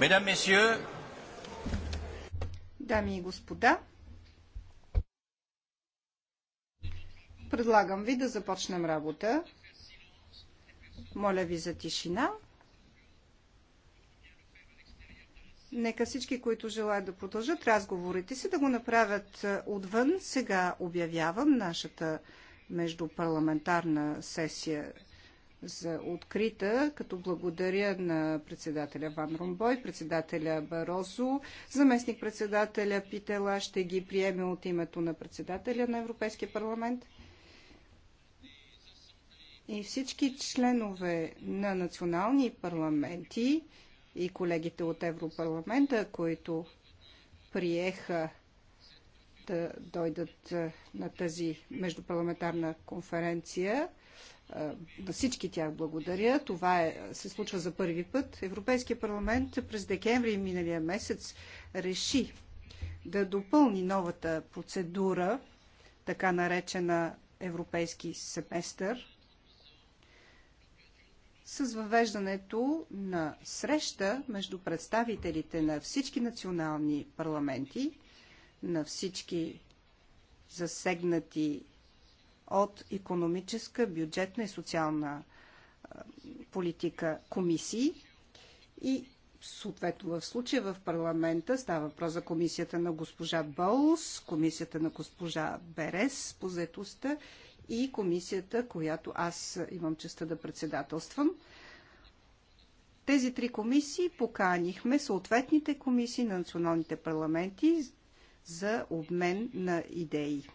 Mesdames, Messieurs, Дами и господа, предлагам ви да започнем работа. Моля ви за тишина. Нека всички, които желаят да продължат разговорите си, да го направят е, отвън. Сега обявявам нашата междупарламентарна сесия за открита, като благодаря на председателя Ван Румбой, председателя Баросо, заместник председателя Питела ще ги приеме от името на председателя на Европейския парламент и всички членове на национални парламенти и колегите от Европарламента, които приеха да дойдат на тази междупарламентарна конференция, на всички тях благодаря. Това е, се случва за първи път. Европейския парламент през декември миналия месец реши да допълни новата процедура, така наречена европейски семестър, с въвеждането на среща между представителите на всички национални парламенти, на всички засегнати от економическа, бюджетна и социална политика комисии и съответно в случая в парламента става въпрос за комисията на госпожа Болс, комисията на госпожа Берес по заетостта и комисията, която аз имам честа да председателствам. Тези три комисии поканихме съответните комисии на националните парламенти за обмен на идеи.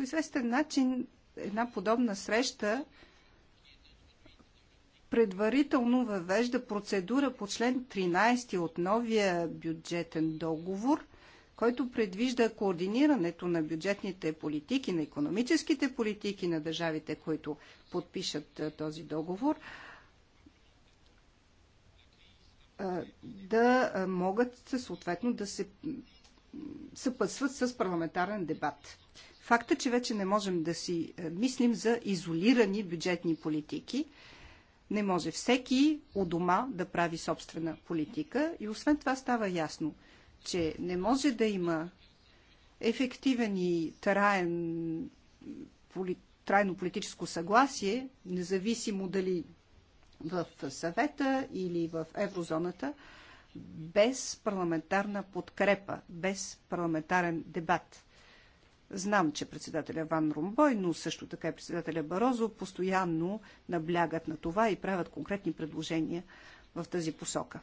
По известен начин една подобна среща предварително въвежда процедура по член 13 от новия бюджетен договор, който предвижда координирането на бюджетните политики, на економическите политики на държавите, които подпишат този договор, да могат съответно да се съпътстват с парламентарен дебат. Факта, че вече не можем да си е, мислим за изолирани бюджетни политики, не може всеки у дома да прави собствена политика и освен това става ясно, че не може да има ефективен и траен, поли, трайно политическо съгласие, независимо дали в съвета или в еврозоната, без парламентарна подкрепа, без парламентарен дебат. Знам, че председателя Ван Ромбой, но също така и председателя Барозо постоянно наблягат на това и правят конкретни предложения в тази посока.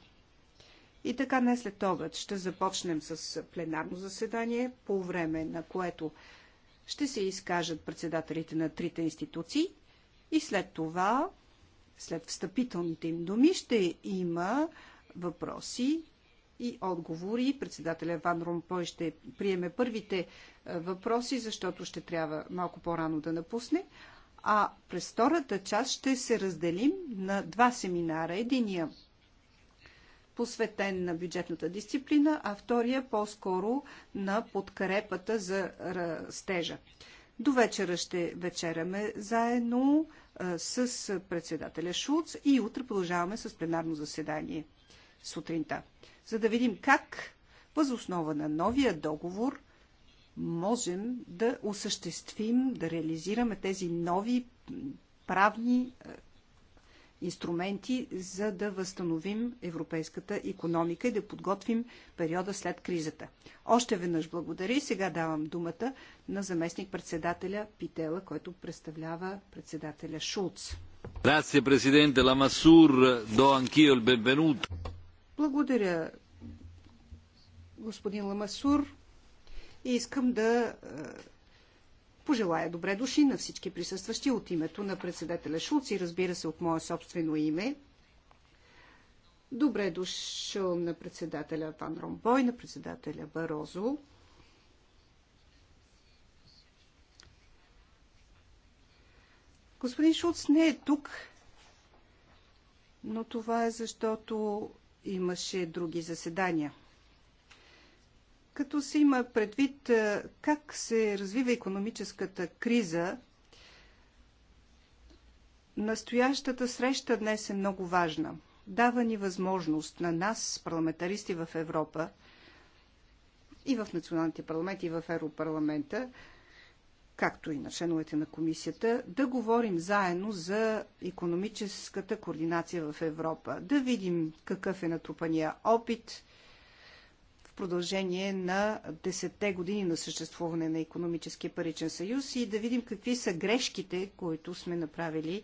И така не след обед ще започнем с пленарно заседание, по време на което ще се изкажат председателите на трите институции и след това, след встъпителните им думи, ще има въпроси и отговори. Председателя Ван Ромпой ще приеме първите е, въпроси, защото ще трябва малко по-рано да напусне. А през втората част ще се разделим на два семинара. Единия посветен на бюджетната дисциплина, а втория по-скоро на подкрепата за растежа. До вечера ще вечеряме заедно е, с председателя Шулц и утре продължаваме с пленарно заседание сутринта, за да видим как възоснова на новия договор можем да осъществим, да реализираме тези нови правни е, инструменти, за да възстановим европейската економика и да подготвим периода след кризата. Още веднъж благодаря и сега давам думата на заместник председателя Питела, който представлява председателя Шулц. Grazie Presidente Lamassur, do anch'io il benvenuto. Благодаря, господин Ламасур. И искам да е, пожелая добре души на всички присъстващи от името на председателя Шулц и разбира се от мое собствено име. Добре дошъл на председателя Ван Ромбой, на председателя Барозо. Господин Шулц не е тук, но това е защото имаше други заседания. Като се има предвид е, как се развива економическата криза, настоящата среща днес е много важна. Дава ни възможност на нас, парламентаристи в Европа и в националните парламенти и в Европарламента, както и на членовете на комисията, да говорим заедно за економическата координация в Европа, да видим какъв е натрупания опит в продължение на 10-те години на съществуване на економическия паричен съюз и да видим какви са грешките, които сме направили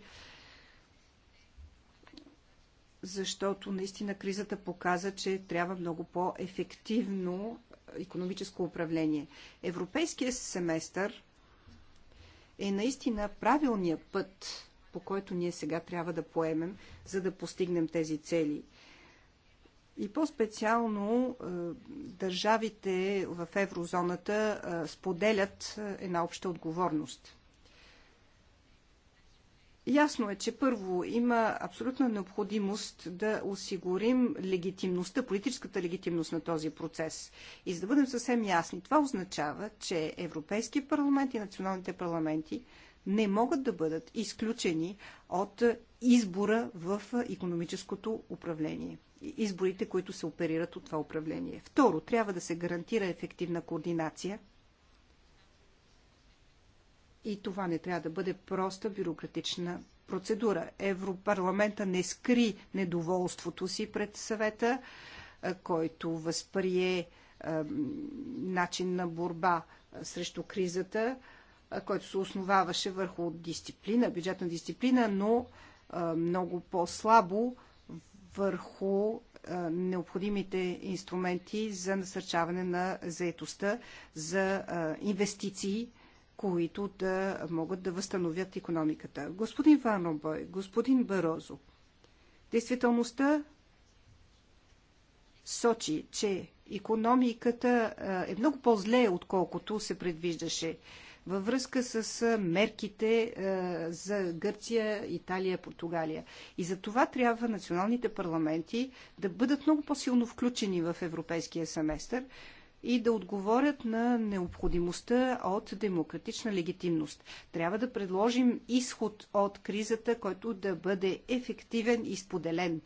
защото наистина кризата показа, че трябва много по-ефективно економическо управление. Европейския семестър е наистина правилният път, по който ние сега трябва да поемем, за да постигнем тези цели. И по-специално е, държавите в еврозоната е, споделят е, една обща отговорност. Ясно е, че първо има абсолютна необходимост да осигурим легитимността, политическата легитимност на този процес. И за да бъдем съвсем ясни, това означава, че Европейския парламент и националните парламенти не могат да бъдат изключени от избора в економическото управление. Изборите, които се оперират от това управление. Второ, трябва да се гарантира ефективна координация – и това не трябва да бъде проста бюрократична процедура. Европарламента не скри недоволството си пред съвета, който възприе начин на борба срещу кризата, който се основаваше върху дисциплина, бюджетна дисциплина, но много по-слабо върху необходимите инструменти за насърчаване на заетостта, за инвестиции които да могат да възстановят економиката. Господин Ванобой, господин Барозо, действителността сочи, че економиката е много по-зле, отколкото се предвиждаше. Във връзка с мерките за Гърция, Италия, Португалия. И за това трябва националните парламенти да бъдат много по-силно включени в европейския семестър, и да отговорят на необходимостта от демократична легитимност. Трябва да предложим изход от кризата, който да бъде ефективен и споделен.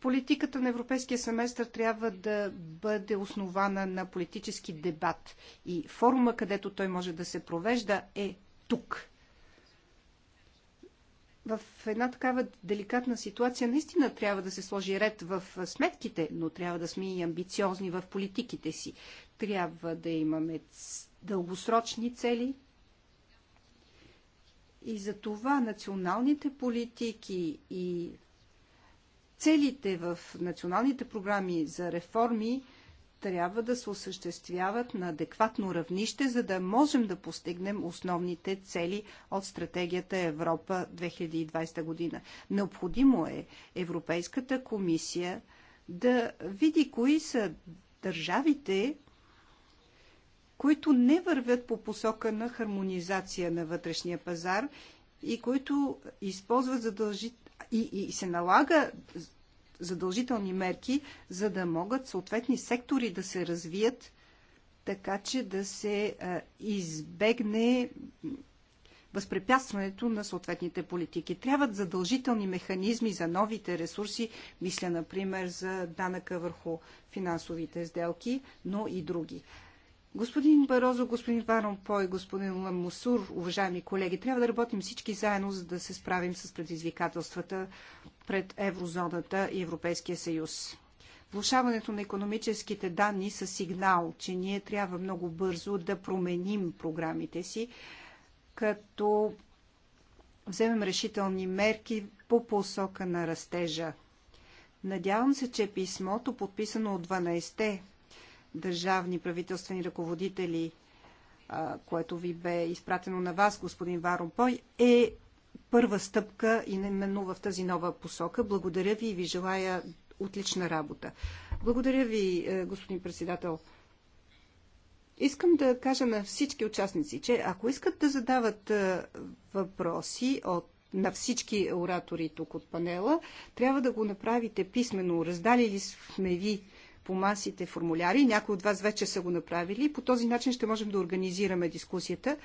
Политиката на европейския семестър трябва да бъде основана на политически дебат и форума, където той може да се провежда е тук в една такава деликатна ситуация наистина трябва да се сложи ред в сметките, но трябва да сме и амбициозни в политиките си. Трябва да имаме дългосрочни цели. И за това националните политики и целите в националните програми за реформи трябва да се осъществяват на адекватно равнище, за да можем да постигнем основните цели от стратегията Европа 2020 година. Необходимо е Европейската комисия да види кои са държавите, които не вървят по посока на хармонизация на вътрешния пазар и които използват задължително и, и се налага задължителни мерки, за да могат съответни сектори да се развият, така че да се избегне възпрепятстването на съответните политики. Трябват задължителни механизми за новите ресурси, мисля, например, за данъка върху финансовите сделки, но и други. Господин Барозо, господин Варон Пой, господин Ламусур, уважаеми колеги, трябва да работим всички заедно, за да се справим с предизвикателствата пред еврозоната и Европейския съюз. Влушаването на економическите данни са сигнал, че ние трябва много бързо да променим програмите си, като вземем решителни мерки по посока на растежа. Надявам се, че писмото, подписано от 12-те държавни правителствени ръководители, което ви бе изпратено на вас, господин Варомпой, е първа стъпка и именно в тази нова посока. Благодаря ви и ви желая отлична работа. Благодаря ви, е, господин председател. Искам да кажа на всички участници, че ако искат да задават е, въпроси от, на всички оратори тук от панела, трябва да го направите писменно. Раздали ли сме ви по масите формуляри. Някои от вас вече са го направили. По този начин ще можем да организираме дискусията.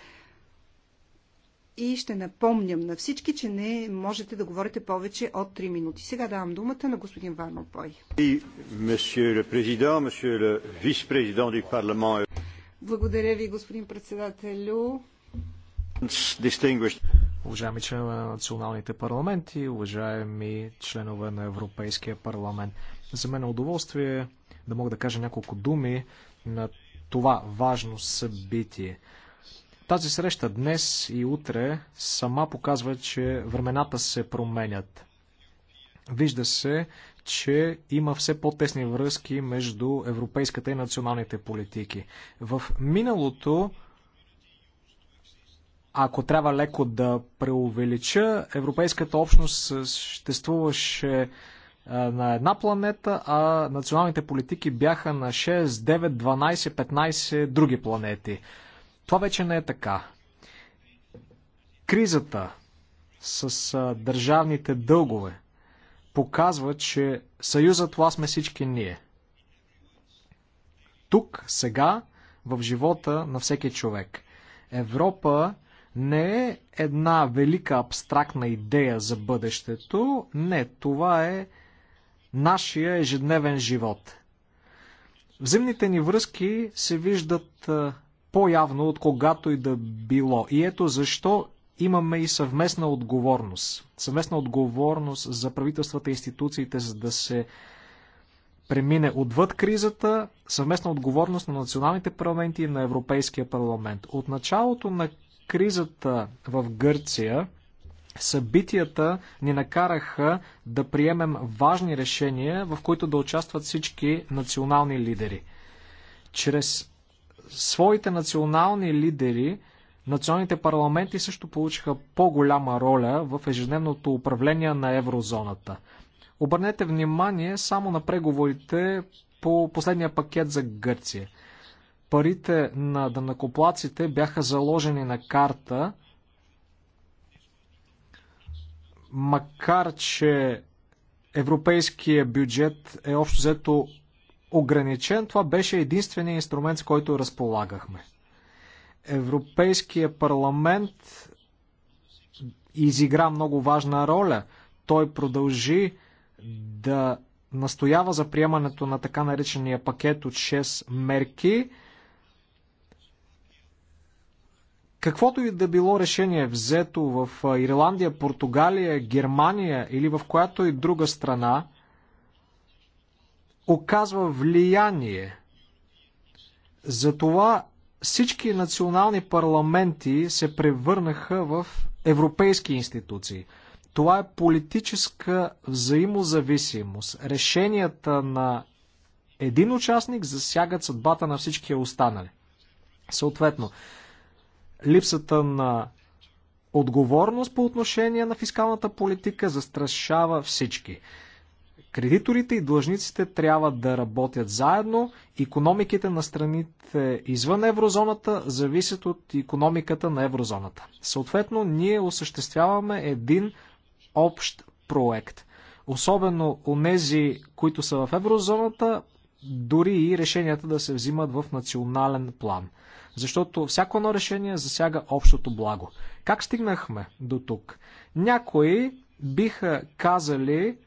И ще напомням на всички, че не можете да говорите повече от 3 минути. Сега давам думата на господин Варно Пой. Благодаря ви, господин председателю. Уважаеми членове на националните парламенти, уважаеми членове на Европейския парламент. За мен е удоволствие да мога да кажа няколко думи на това важно събитие. Тази среща днес и утре сама показва, че времената се променят. Вижда се, че има все по-тесни връзки между европейската и националните политики. В миналото, ако трябва леко да преувелича, европейската общност съществуваше на една планета, а националните политики бяха на 6, 9, 12, 15 други планети. Това вече не е така. Кризата с държавните дългове показва, че съюза това сме всички ние. Тук, сега, в живота на всеки човек. Европа не е една велика абстрактна идея за бъдещето. Не, това е нашия ежедневен живот. Взаимните ни връзки се виждат по-явно от когато и да било. И ето защо имаме и съвместна отговорност. Съвместна отговорност за правителствата и институциите, за да се премине отвъд кризата, съвместна отговорност на националните парламенти и на Европейския парламент. От началото на кризата в Гърция Събитията ни накараха да приемем важни решения, в които да участват всички национални лидери. Чрез своите национални лидери, националните парламенти също получиха по-голяма роля в ежедневното управление на еврозоната. Обърнете внимание само на преговорите по последния пакет за Гърция. Парите на данакоплаците бяха заложени на карта – макар че европейския бюджет е общо взето ограничен, това беше единствения инструмент, с който разполагахме. Европейския парламент изигра много важна роля. Той продължи да настоява за приемането на така наречения пакет от 6 мерки – Каквото и да било решение взето в Ирландия, Португалия, Германия или в която и друга страна, оказва влияние. Затова всички национални парламенти се превърнаха в европейски институции. Това е политическа взаимозависимост. Решенията на един участник засягат съдбата на всички останали. Съответно, Липсата на отговорност по отношение на фискалната политика застрашава всички. Кредиторите и длъжниците трябва да работят заедно. Економиките на страните извън еврозоната зависят от економиката на еврозоната. Съответно, ние осъществяваме един общ проект. Особено у нези, които са в еврозоната, дори и решенията да се взимат в национален план. Защото всяко едно решение засяга общото благо. Как стигнахме до тук? Някои биха казали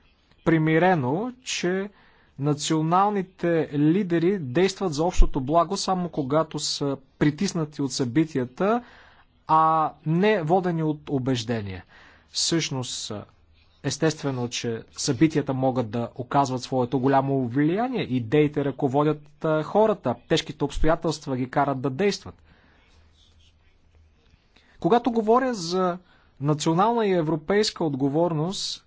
примирено, че националните лидери действат за общото благо само когато са притиснати от събитията, а не водени от убеждения. Всъщност, Естествено, че събитията могат да оказват своето голямо влияние. Идеите ръководят хората. Тежките обстоятелства ги карат да действат. Когато говоря за национална и европейска отговорност,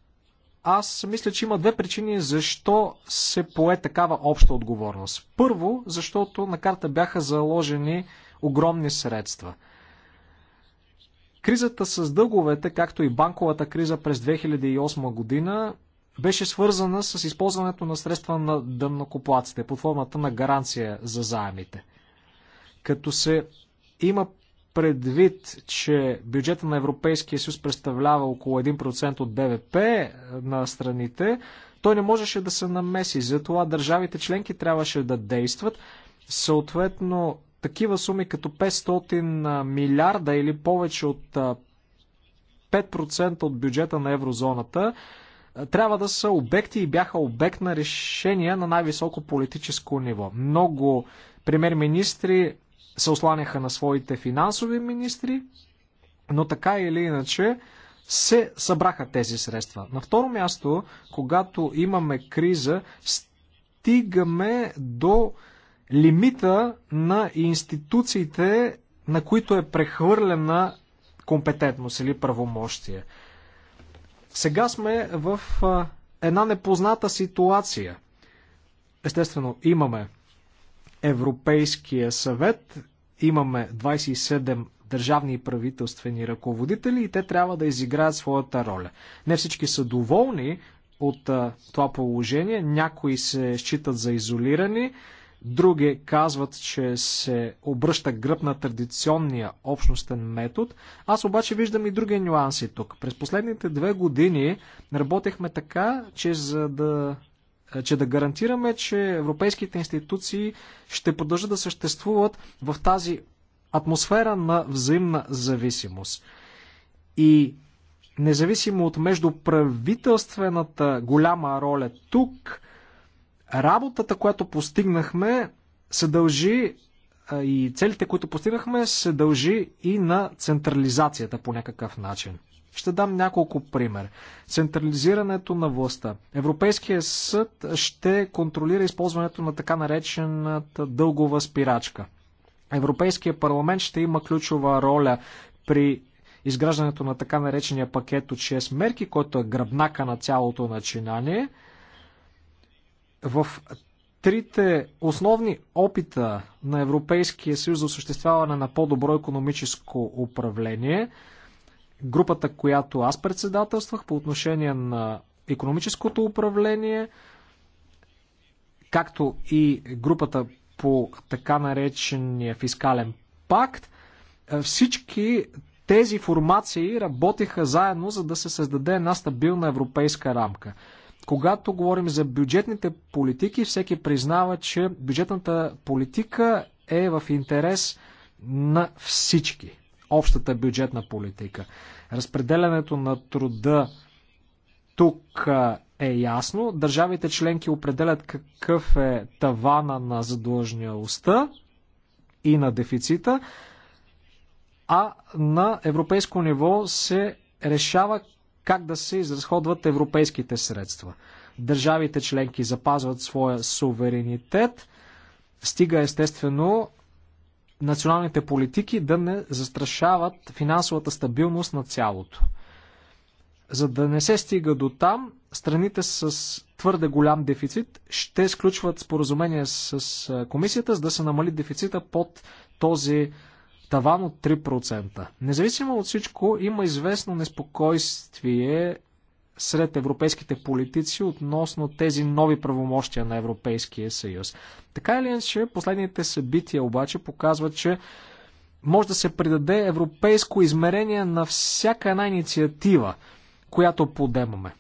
аз мисля, че има две причини защо се пое такава обща отговорност. Първо, защото на карта бяха заложени огромни средства – Кризата с дълговете, както и банковата криза през 2008 година, беше свързана с използването на средства на дъннокоплаците под формата на гаранция за заемите. Като се има предвид, че бюджета на Европейския съюз представлява около 1% от БВП е, на страните, той не можеше да се намеси. Затова държавите членки трябваше да действат. Съответно, такива суми като 500 милиарда или повече от 5% от бюджета на еврозоната, трябва да са обекти и бяха обект на решения на най-високо политическо ниво. Много премьер-министри се осланяха на своите финансови министри, но така или иначе се събраха тези средства. На второ място, когато имаме криза, стигаме до лимита на институциите, на които е прехвърлена компетентност или правомощие. Сега сме в една непозната ситуация. Естествено, имаме Европейския съвет, имаме 27 държавни и правителствени ръководители и те трябва да изиграят своята роля. Не всички са доволни от това положение, някои се считат за изолирани, Други казват, че се обръща гръб на традиционния общностен метод. Аз обаче виждам и други нюанси тук. През последните две години работехме така, че за да че да гарантираме, че европейските институции ще продължат да съществуват в тази атмосфера на взаимна зависимост. И независимо от междуправителствената голяма роля тук, Работата, която постигнахме, се дължи и целите, които постигнахме, се дължи и на централизацията по някакъв начин. Ще дам няколко пример. Централизирането на властта. Европейския съд ще контролира използването на така наречената дългова спирачка. Европейския парламент ще има ключова роля при изграждането на така наречения пакет от 6 мерки, който е гръбнака на цялото начинание – в трите основни опита на Европейския съюз за осъществяване на по-добро економическо управление, групата, която аз председателствах по отношение на економическото управление, както и групата по така наречения фискален пакт, е, всички тези формации работиха заедно, за да се създаде една стабилна европейска рамка. Когато говорим за бюджетните политики, всеки признава, че бюджетната политика е в интерес на всички. Общата бюджетна политика. Разпределянето на труда тук е ясно. Държавите членки определят какъв е тавана на задлъжнялостта и на дефицита, а на европейско ниво се решава как да се изразходват европейските средства. Държавите членки запазват своя суверенитет, стига естествено националните политики да не застрашават финансовата стабилност на цялото. За да не се стига до там, страните с твърде голям дефицит ще сключват споразумение с комисията, за да се намали дефицита под този таван от 3%. Независимо от всичко, има известно неспокойствие сред европейските политици относно тези нови правомощия на Европейския съюз. Така или иначе, последните събития обаче показват, че може да се придаде европейско измерение на всяка една инициатива, която подемаме.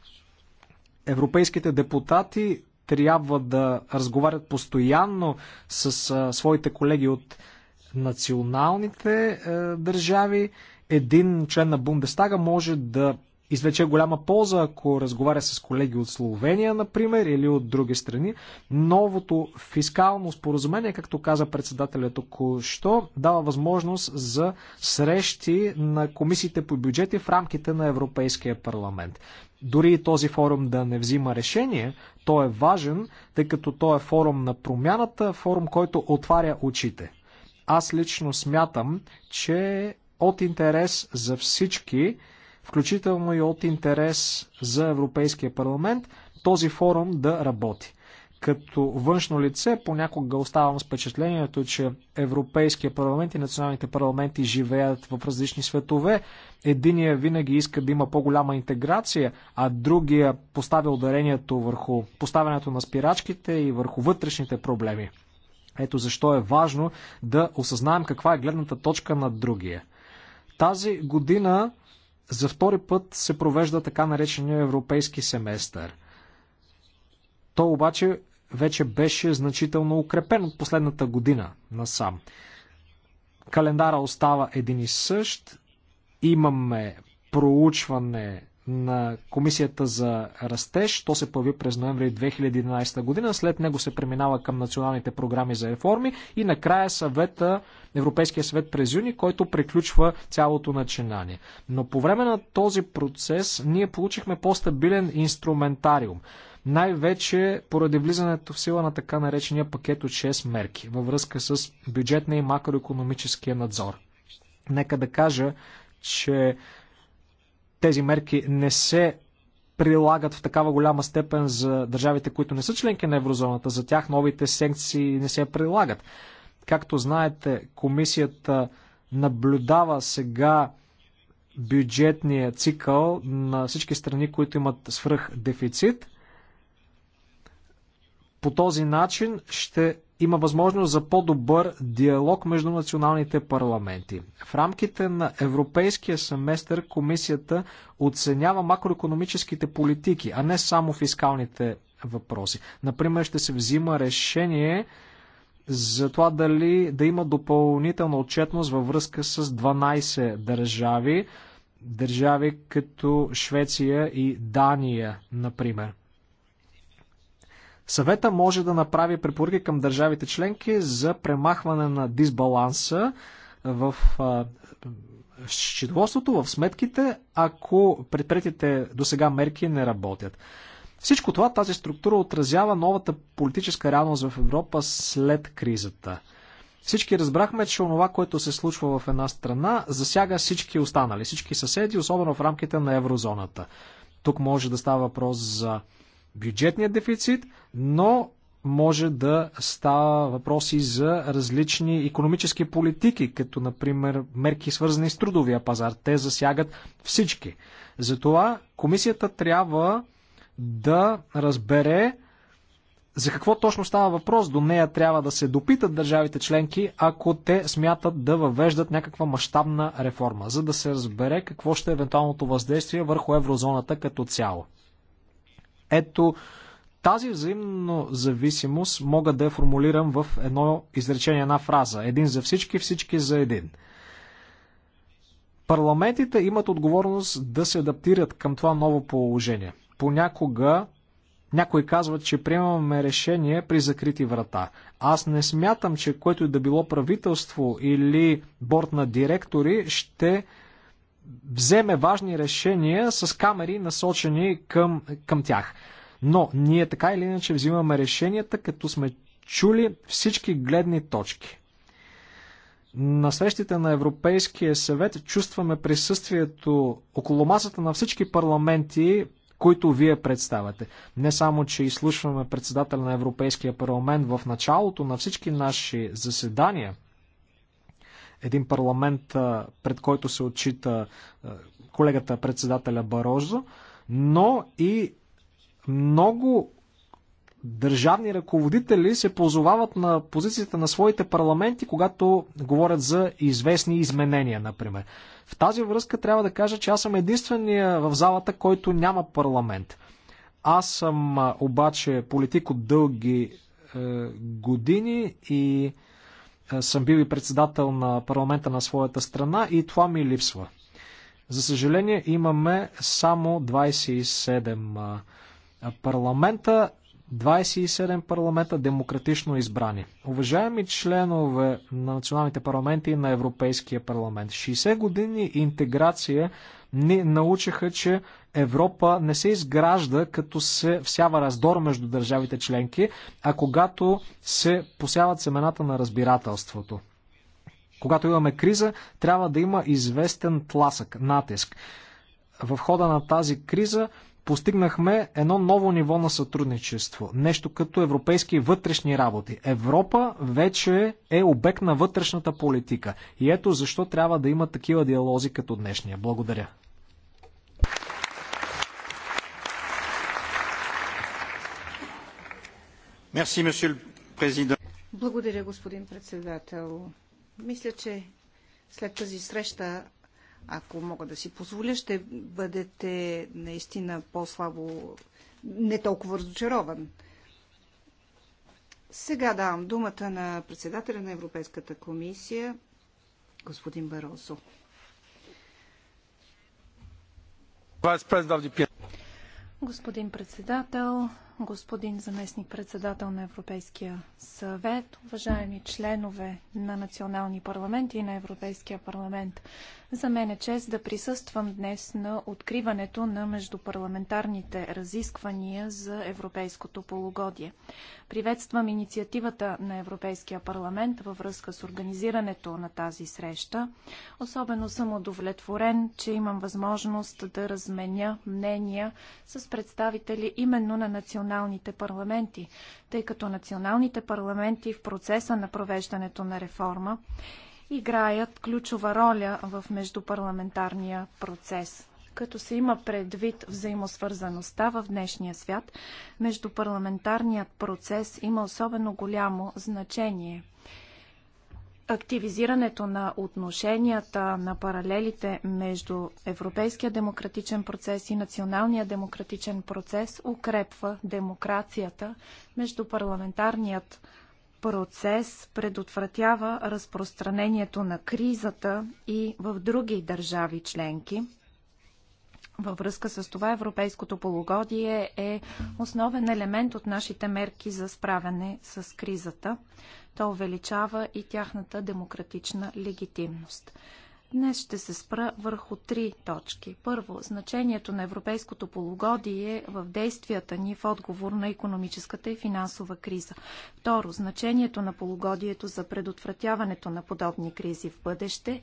Европейските депутати трябва да разговарят постоянно с а, своите колеги от националните е, държави. Един член на Бундестага може да извлече голяма полза, ако разговаря с колеги от Словения, например, или от други страни. Новото фискално споразумение, както каза председателя току-що, дава възможност за срещи на комисиите по бюджети в рамките на Европейския парламент. Дори и този форум да не взима решение, той е важен, тъй като той е форум на промяната, форум, който отваря очите. Аз лично смятам, че от интерес за всички, включително и от интерес за Европейския парламент, този форум да работи. Като външно лице понякога оставам с впечатлението, че Европейския парламент и националните парламенти живеят в различни светове. Единия винаги иска да има по-голяма интеграция, а другия поставя ударението върху поставянето на спирачките и върху вътрешните проблеми. Ето защо е важно да осъзнаем каква е гледната точка на другия. Тази година за втори път се провежда така наречения европейски семестър. То обаче вече беше значително укрепен от последната година насам. Календара остава един и същ. Имаме проучване на Комисията за растеж. То се появи през ноември 2011 година. След него се преминава към националните програми за реформи и накрая съвета, Европейския съвет през юни, който приключва цялото начинание. Но по време на този процес ние получихме по-стабилен инструментариум. Най-вече поради влизането в сила на така наречения пакет от 6 мерки във връзка с бюджетния и макроекономическия надзор. Нека да кажа, че тези мерки не се прилагат в такава голяма степен за държавите, които не са членки на еврозоната. За тях новите санкции не се прилагат. Както знаете, комисията наблюдава сега бюджетния цикъл на всички страни, които имат свръх дефицит. По този начин ще има възможност за по-добър диалог между националните парламенти. В рамките на Европейския семестър комисията оценява макроекономическите политики, а не само фискалните въпроси. Например, ще се взима решение за това дали да има допълнителна отчетност във връзка с 12 държави, държави като Швеция и Дания, например. Съвета може да направи препоръки към държавите членки за премахване на дисбаланса в счетоводството, в сметките, ако предприятите до сега мерки не работят. Всичко това, тази структура отразява новата политическа реалност в Европа след кризата. Всички разбрахме, че онова, което се случва в една страна, засяга всички останали, всички съседи, особено в рамките на еврозоната. Тук може да става въпрос за бюджетния дефицит, но може да става въпроси за различни економически политики, като например мерки свързани с трудовия пазар. Те засягат всички. Затова комисията трябва да разбере за какво точно става въпрос. До нея трябва да се допитат държавите членки, ако те смятат да въвеждат някаква мащабна реформа, за да се разбере какво ще е евентуалното въздействие върху еврозоната като цяло. Ето, тази взаимно зависимост мога да я формулирам в едно изречение, една фраза. Един за всички, всички за един. Парламентите имат отговорност да се адаптират към това ново положение. Понякога някой казва, че приемаме решение при закрити врата. Аз не смятам, че което и да било правителство или борт на директори ще вземе важни решения с камери насочени към, към тях. Но ние така или иначе взимаме решенията, като сме чули всички гледни точки. На срещите на Европейския съвет чувстваме присъствието около масата на всички парламенти, които вие представяте. Не само, че изслушваме председателя на Европейския парламент в началото на всички наши заседания, един парламент, пред който се отчита колегата председателя Барозо, но и много държавни ръководители се позовават на позицията на своите парламенти, когато говорят за известни изменения, например. В тази връзка трябва да кажа, че аз съм единствения в залата, който няма парламент. Аз съм обаче политик от дълги е, години и е, е, съм бил и председател на парламента на своята страна и това ми липсва. За съжаление имаме само 27 е, парламента, 27 парламента демократично избрани. Уважаеми членове на националните парламенти и на Европейския парламент, 60 години интеграция ни научиха, че Европа не се изгражда, като се всява раздор между държавите членки, а когато се посяват семената на разбирателството. Когато имаме криза, трябва да има известен тласък, натиск. В хода на тази криза постигнахме едно ново ниво на сътрудничество. Нещо като европейски вътрешни работи. Европа вече е обект на вътрешната политика. И ето защо трябва да има такива диалози като днешния. Благодаря. Благодаря, господин председател. Мисля, че след тази среща, ако мога да си позволя, ще бъдете наистина по-слабо, не толкова разочарован. Сега давам думата на председателя на Европейската комисия, господин Баросо. Господин председател, господин заместник председател на Европейския съвет, уважаеми членове на национални парламенти и на Европейския парламент, за мен е чест да присъствам днес на откриването на междупарламентарните разисквания за европейското полугодие. Приветствам инициативата на Европейския парламент във връзка с организирането на тази среща. Особено съм удовлетворен, че имам възможност да разменя мнения с представители именно на националните парламенти, тъй като националните парламенти в процеса на провеждането на реформа играят ключова роля в междупарламентарния процес. Като се има предвид взаимосвързаността в днешния свят, междупарламентарният процес има особено голямо значение. Активизирането на отношенията, на паралелите между европейския демократичен процес и националния демократичен процес укрепва демокрацията. Междупарламентарният процес процес предотвратява разпространението на кризата и в други държави членки. Във връзка с това европейското полугодие е основен елемент от нашите мерки за справяне с кризата. То увеличава и тяхната демократична легитимност. Днес ще се спра върху три точки. Първо, значението на европейското полугодие в действията ни в отговор на економическата и финансова криза. Второ, значението на полугодието за предотвратяването на подобни кризи в бъдеще.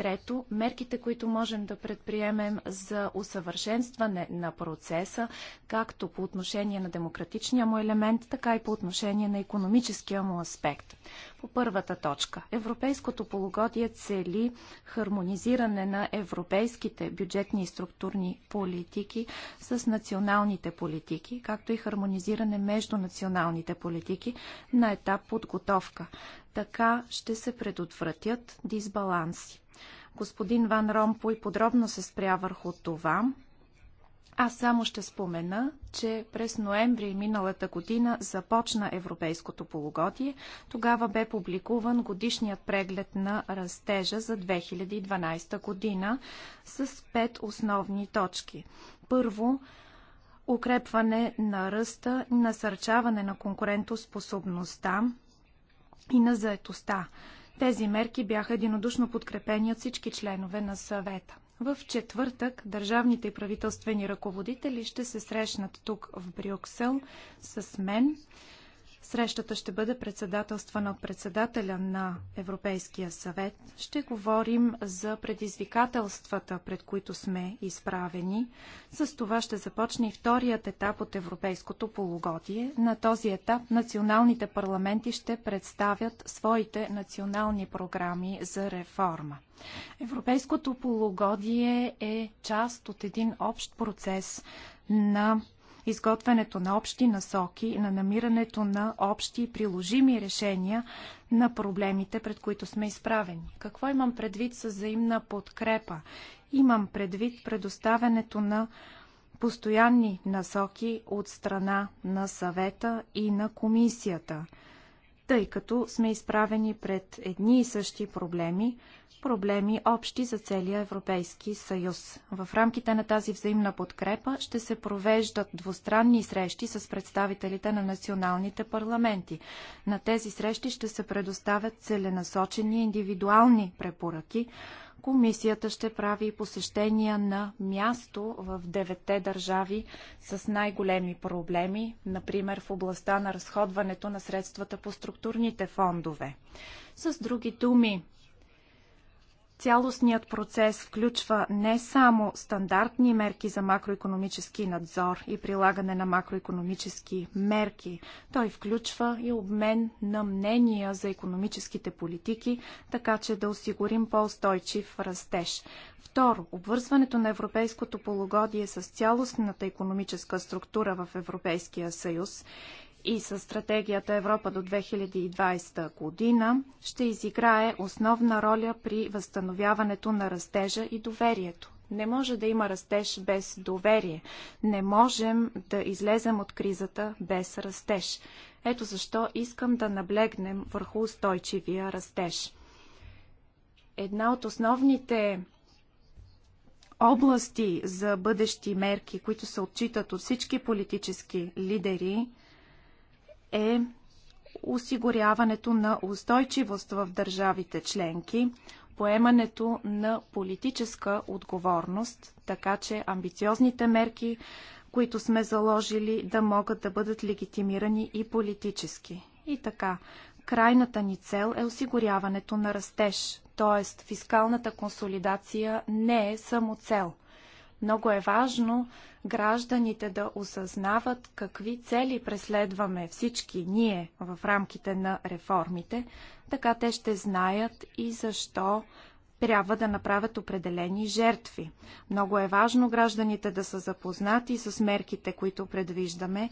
Трето, мерките, които можем да предприемем за усъвършенстване на процеса, както по отношение на демократичния му елемент, така и по отношение на економическия му аспект. По първата точка. Европейското полугодие цели хармонизиране на европейските бюджетни и структурни политики с националните политики, както и хармонизиране между националните политики на етап подготовка. Така ще се предотвратят дисбаланси. Господин Ван Ромпой подробно се спря върху това. Аз само ще спомена, че през ноември миналата година започна европейското полугодие. Тогава бе публикуван годишният преглед на растежа за 2012 година с пет основни точки. Първо, укрепване на ръста, насърчаване на конкурентоспособността и на заетостта. Тези мерки бяха единодушно подкрепени от всички членове на съвета. В четвъртък държавните и правителствени ръководители ще се срещнат тук в Брюксел с мен. Срещата ще бъде председателствана от председателя на Европейския съвет. Ще говорим за предизвикателствата, пред които сме изправени. С това ще започне и вторият етап от европейското полугодие. На този етап националните парламенти ще представят своите национални програми за реформа. Европейското полугодие е част от един общ процес на изготвянето на общи насоки, на намирането на общи и приложими решения на проблемите, пред които сме изправени. Какво имам предвид с взаимна подкрепа? Имам предвид предоставянето на постоянни насоки от страна на съвета и на комисията – тъй като сме изправени пред едни и същи проблеми, проблеми общи за целия Европейски съюз. В рамките на тази взаимна подкрепа ще се провеждат двустранни срещи с представителите на националните парламенти. На тези срещи ще се предоставят целенасочени индивидуални препоръки, Комисията ще прави посещения на място в девете държави с най-големи проблеми, например в областта на разходването на средствата по структурните фондове. С други думи, Цялостният процес включва не само стандартни мерки за макроекономически надзор и прилагане на макроекономически мерки. Той включва и обмен на мнения за економическите политики, така че да осигурим по-устойчив растеж. Второ, обвързването на европейското полугодие с цялостната економическа структура в Европейския съюз и с стратегията Европа до 2020 година ще изиграе основна роля при възстановяването на растежа и доверието. Не може да има растеж без доверие. Не можем да излезем от кризата без растеж. Ето защо искам да наблегнем върху устойчивия растеж. Една от основните области за бъдещи мерки, които се отчитат от всички политически лидери, е осигуряването на устойчивост в държавите членки, поемането на политическа отговорност, така че амбициозните мерки, които сме заложили, да могат да бъдат легитимирани и политически. И така, крайната ни цел е осигуряването на растеж, т.е. фискалната консолидация не е само цел – много е важно гражданите да осъзнават какви цели преследваме всички ние в рамките на реформите, така те ще знаят и защо трябва да направят определени жертви. Много е важно гражданите да са запознати с мерките, които предвиждаме,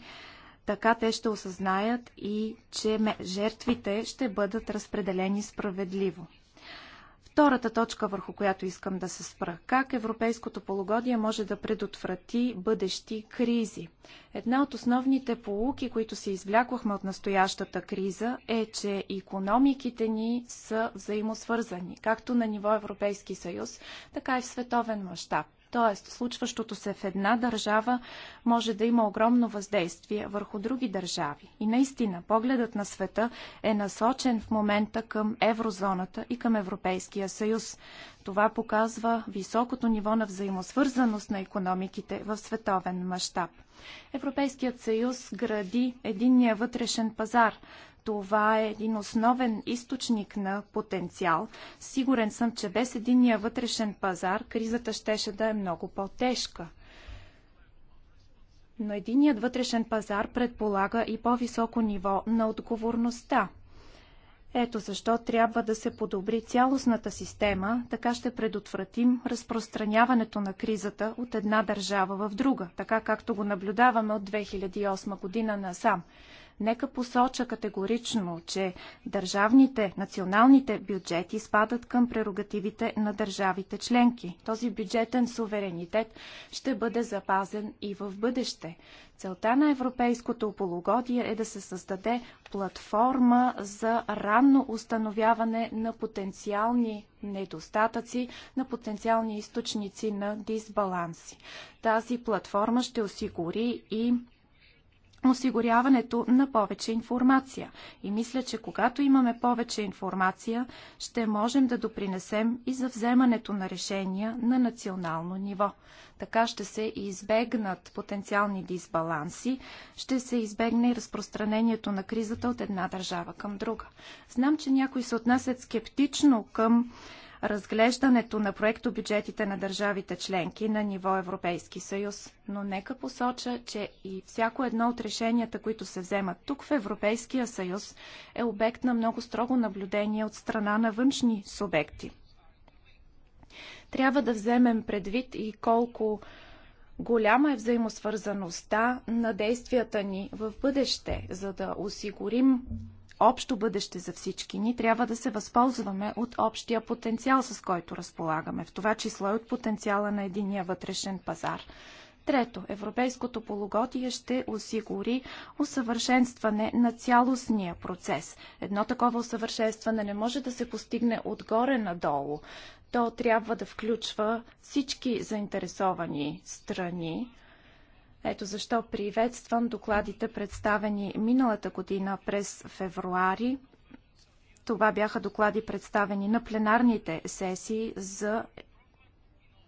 така те ще осъзнаят и, че жертвите ще бъдат разпределени справедливо. Втората точка, върху която искам да се спра. Как европейското полугодие може да предотврати бъдещи кризи? Една от основните полуки, които се извлякохме от настоящата криза, е, че економиките ни са взаимосвързани, както на ниво Европейски съюз, така и в световен мащаб. Тоест, случващото се в една държава може да има огромно въздействие върху други държави. И наистина, погледът на света е насочен в момента към еврозоната и към Европейския съюз. Това показва високото ниво на взаимосвързаност на економиките в световен мащаб. Европейският съюз гради единния вътрешен пазар. Това е един основен източник на потенциал. Сигурен съм, че без единния вътрешен пазар кризата щеше да е много по-тежка. Но единият вътрешен пазар предполага и по-високо ниво на отговорността. Ето защо трябва да се подобри цялостната система, така ще предотвратим разпространяването на кризата от една държава в друга, така както го наблюдаваме от 2008 година насам. Нека посоча категорично, че държавните, националните бюджети спадат към прерогативите на държавите членки. Този бюджетен суверенитет ще бъде запазен и в бъдеще. Целта на европейското полугодие е да се създаде платформа за ранно установяване на потенциални недостатъци, на потенциални източници на дисбаланси. Тази платформа ще осигури и осигуряването на повече информация. И мисля, че когато имаме повече информация, ще можем да допринесем и за вземането на решения на национално ниво. Така ще се избегнат потенциални дисбаланси, ще се избегне и разпространението на кризата от една държава към друга. Знам, че някои се отнасят скептично към разглеждането на проектобюджетите на държавите членки на ниво Европейски съюз. Но нека посоча, че и всяко едно от решенията, които се вземат тук в Европейския съюз, е обект на много строго наблюдение от страна на външни субекти. Трябва да вземем предвид и колко голяма е взаимосвързаността на действията ни в бъдеще, за да осигурим общо бъдеще за всички ни, трябва да се възползваме от общия потенциал, с който разполагаме, в това число и от потенциала на единия вътрешен пазар. Трето, европейското полугодие ще осигури усъвършенстване на цялостния процес. Едно такова усъвършенстване не може да се постигне отгоре надолу. То трябва да включва всички заинтересовани страни, ето защо приветствам докладите, представени миналата година през февруари. Това бяха доклади, представени на пленарните сесии за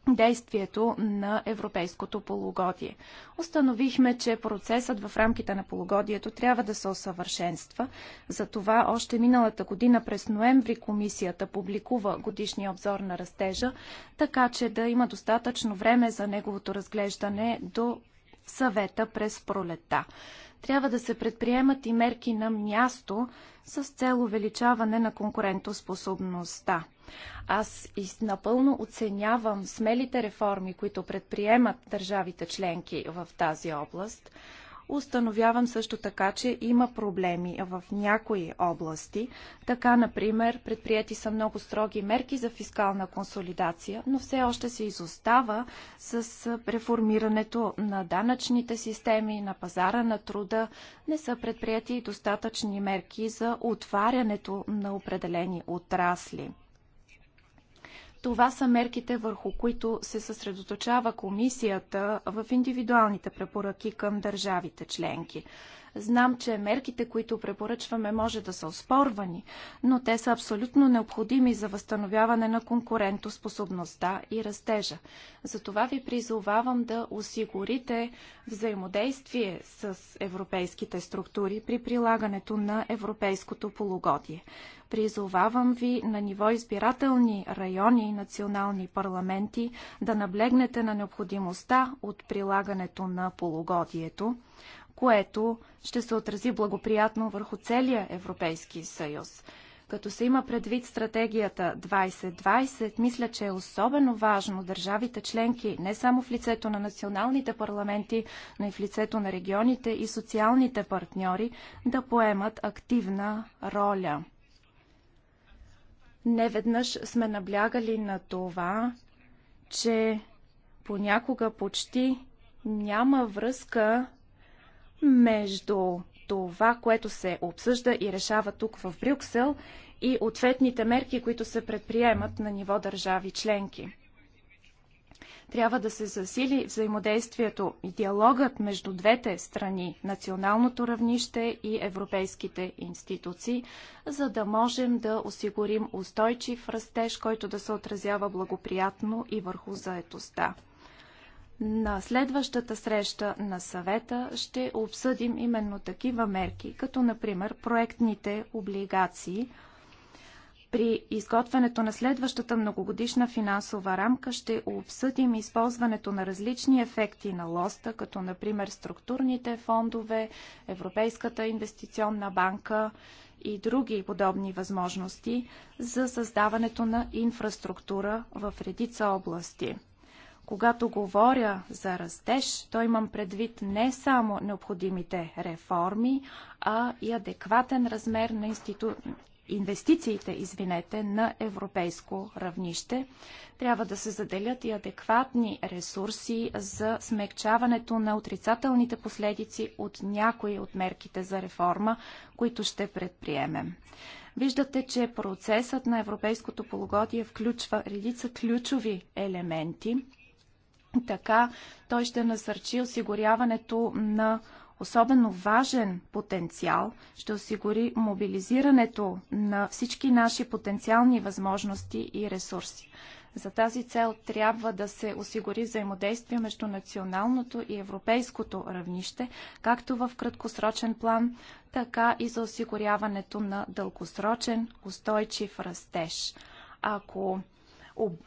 действието на европейското полугодие. Установихме, че процесът в рамките на полугодието трябва да се усъвършенства. Затова още миналата година през ноември комисията публикува годишния обзор на растежа, така че да има достатъчно време за неговото разглеждане до съвета през пролета. Трябва да се предприемат и мерки на място с цел увеличаване на конкурентоспособността. Аз и напълно оценявам смелите реформи, които предприемат държавите членки в тази област – Установявам също така, че има проблеми в някои области. Така, например, предприяти са много строги мерки за фискална консолидация, но все още се изостава с реформирането на данъчните системи, на пазара на труда. Не са предприяти и достатъчни мерки за отварянето на определени отрасли. Това са мерките, върху които се съсредоточава комисията в индивидуалните препоръки към държавите членки. Знам, че мерките, които препоръчваме, може да са оспорвани, но те са абсолютно необходими за възстановяване на конкурентоспособността и растежа. Затова ви призовавам да осигурите взаимодействие с европейските структури при прилагането на европейското полугодие. Призовавам ви на ниво избирателни райони и национални парламенти да наблегнете на необходимостта от прилагането на полугодието което ще се отрази благоприятно върху целия Европейски съюз. Като се има предвид стратегията 2020, мисля, че е особено важно държавите членки, не само в лицето на националните парламенти, но и в лицето на регионите и социалните партньори, да поемат активна роля. Неведнъж сме наблягали на това, че понякога почти няма връзка между това, което се обсъжда и решава тук в Брюксел и ответните мерки, които се предприемат на ниво държави членки. Трябва да се засили взаимодействието и диалогът между двете страни националното равнище и европейските институции, за да можем да осигурим устойчив растеж, който да се отразява благоприятно и върху заетостта. На следващата среща на съвета ще обсъдим именно такива мерки, като например проектните облигации. При изготвянето на следващата многогодишна финансова рамка ще обсъдим използването на различни ефекти на лоста, като например структурните фондове, Европейската инвестиционна банка и други подобни възможности за създаването на инфраструктура в редица области. Когато говоря за растеж, то имам предвид не само необходимите реформи, а и адекватен размер на институ... инвестициите извинете, на европейско равнище. Трябва да се заделят и адекватни ресурси за смягчаването на отрицателните последици от някои от мерките за реформа, които ще предприемем. Виждате, че процесът на европейското полугодие включва редица ключови елементи – така той ще насърчи осигуряването на особено важен потенциал, ще осигури мобилизирането на всички наши потенциални възможности и ресурси. За тази цел трябва да се осигури взаимодействие между националното и европейското равнище, както в краткосрочен план, така и за осигуряването на дългосрочен устойчив растеж. Ако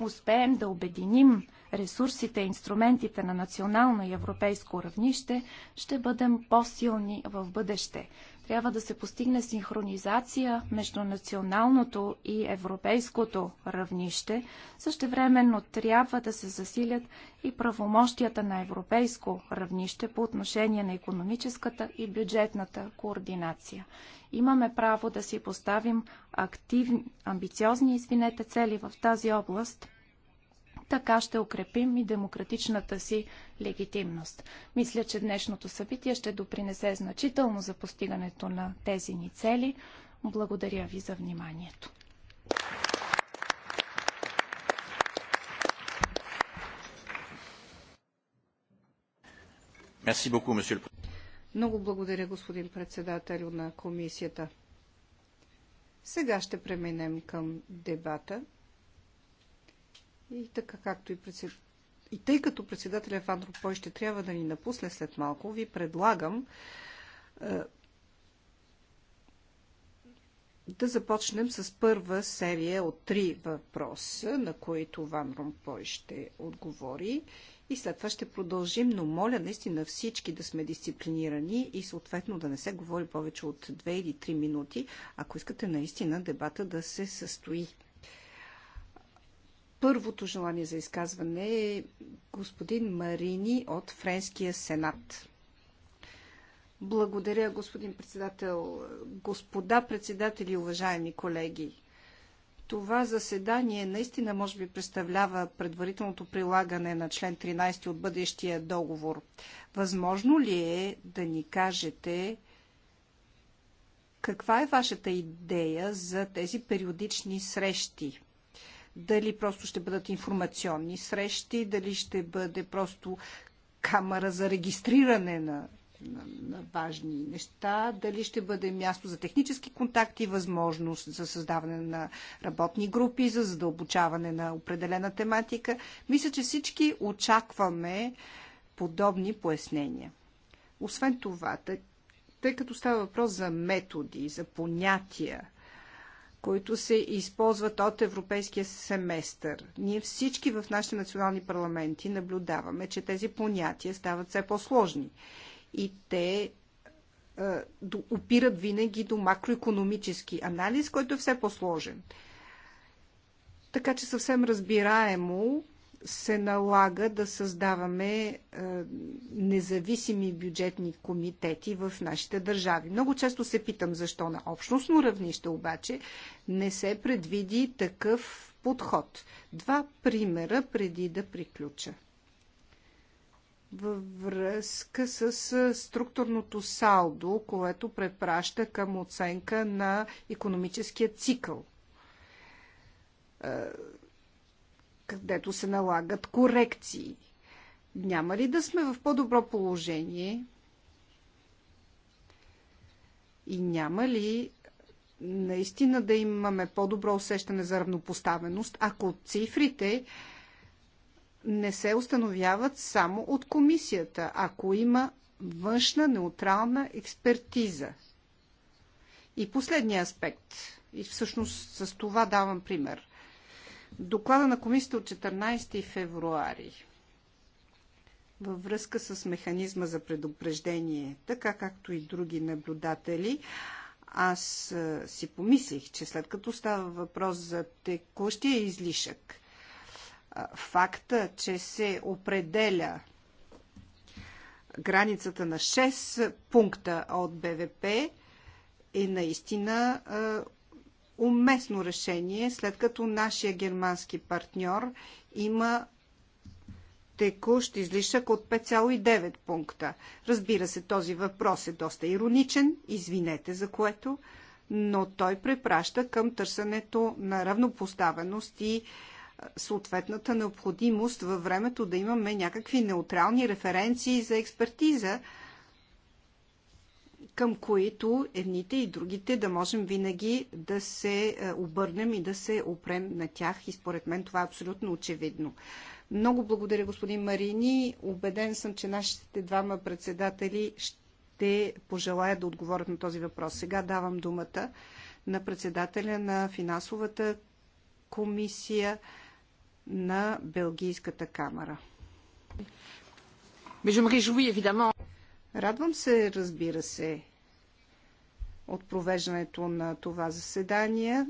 успеем да обединим ресурсите и инструментите на национално и европейско равнище, ще бъдем по-силни в бъдеще. Трябва да се постигне синхронизация между националното и европейското равнище. Същевременно трябва да се засилят и правомощията на европейско равнище по отношение на економическата и бюджетната координация. Имаме право да си поставим активни, амбициозни извинете цели в тази област, така ще укрепим и демократичната си легитимност. Мисля, че днешното събитие ще допринесе значително за постигането на тези ни цели. Благодаря ви за вниманието. Много благодаря, господин председател на комисията. Сега ще преминем към дебата. И така както и председ... И тъй като председателя Ван Рупой ще трябва да ни напусне след малко, ви предлагам е, да започнем с първа серия от три въпроса, на които Ван Румпой ще отговори и след това ще продължим, но моля наистина всички да сме дисциплинирани и съответно да не се говори повече от 2 или 3 минути, ако искате наистина дебата да се състои Първото желание за изказване е господин Марини от Френския сенат. Благодаря, господин председател. Господа председатели, уважаеми колеги, това заседание наистина може би представлява предварителното прилагане на член 13 от бъдещия договор. Възможно ли е да ни кажете каква е вашата идея за тези периодични срещи? Дали просто ще бъдат информационни срещи, дали ще бъде просто камера за регистриране на, на, на важни неща, дали ще бъде място за технически контакти, възможност за създаване на работни групи, за задълбочаване на определена тематика. Мисля, че всички очакваме подобни пояснения. Освен това, тъй като става въпрос за методи, за понятия, които се използват от европейския семестър. Ние всички в нашите национални парламенти наблюдаваме, че тези понятия стават все по-сложни и те е, опират винаги до макроекономически анализ, който е все по-сложен. Така че съвсем разбираемо се налага да създаваме е, независими бюджетни комитети в нашите държави. Много често се питам защо на общностно равнище обаче не се предвиди такъв подход. Два примера преди да приключа. Във връзка с е, структурното салдо, което препраща към оценка на економическия цикъл е, където се налагат корекции. Няма ли да сме в по-добро положение? И няма ли наистина да имаме по-добро усещане за равнопоставеност, ако цифрите не се установяват само от комисията, ако има външна неутрална експертиза. И последния аспект, и всъщност с това давам пример доклада на комисията от 14 февруари във връзка с механизма за предупреждение, така както и други наблюдатели, аз си помислих, че след като става въпрос за текущия излишък, факта, че се определя границата на 6 пункта от БВП е наистина уместно решение, след като нашия германски партньор има текущ излишък от 5,9 пункта. Разбира се, този въпрос е доста ироничен, извинете за което, но той препраща към търсенето на равнопоставеност и съответната необходимост във времето да имаме някакви неутрални референции за експертиза, към които едните и другите да можем винаги да се е, обърнем и да се опрем на тях. И според мен това е абсолютно очевидно. Много благодаря, господин Марини. Обеден съм, че нашите двама председатели ще пожелаят да отговорят на този въпрос. Сега давам думата на председателя на финансовата комисия на Белгийската камера. Mais je me réjouis évidemment. Радвам се, разбира се, от провеждането на това заседание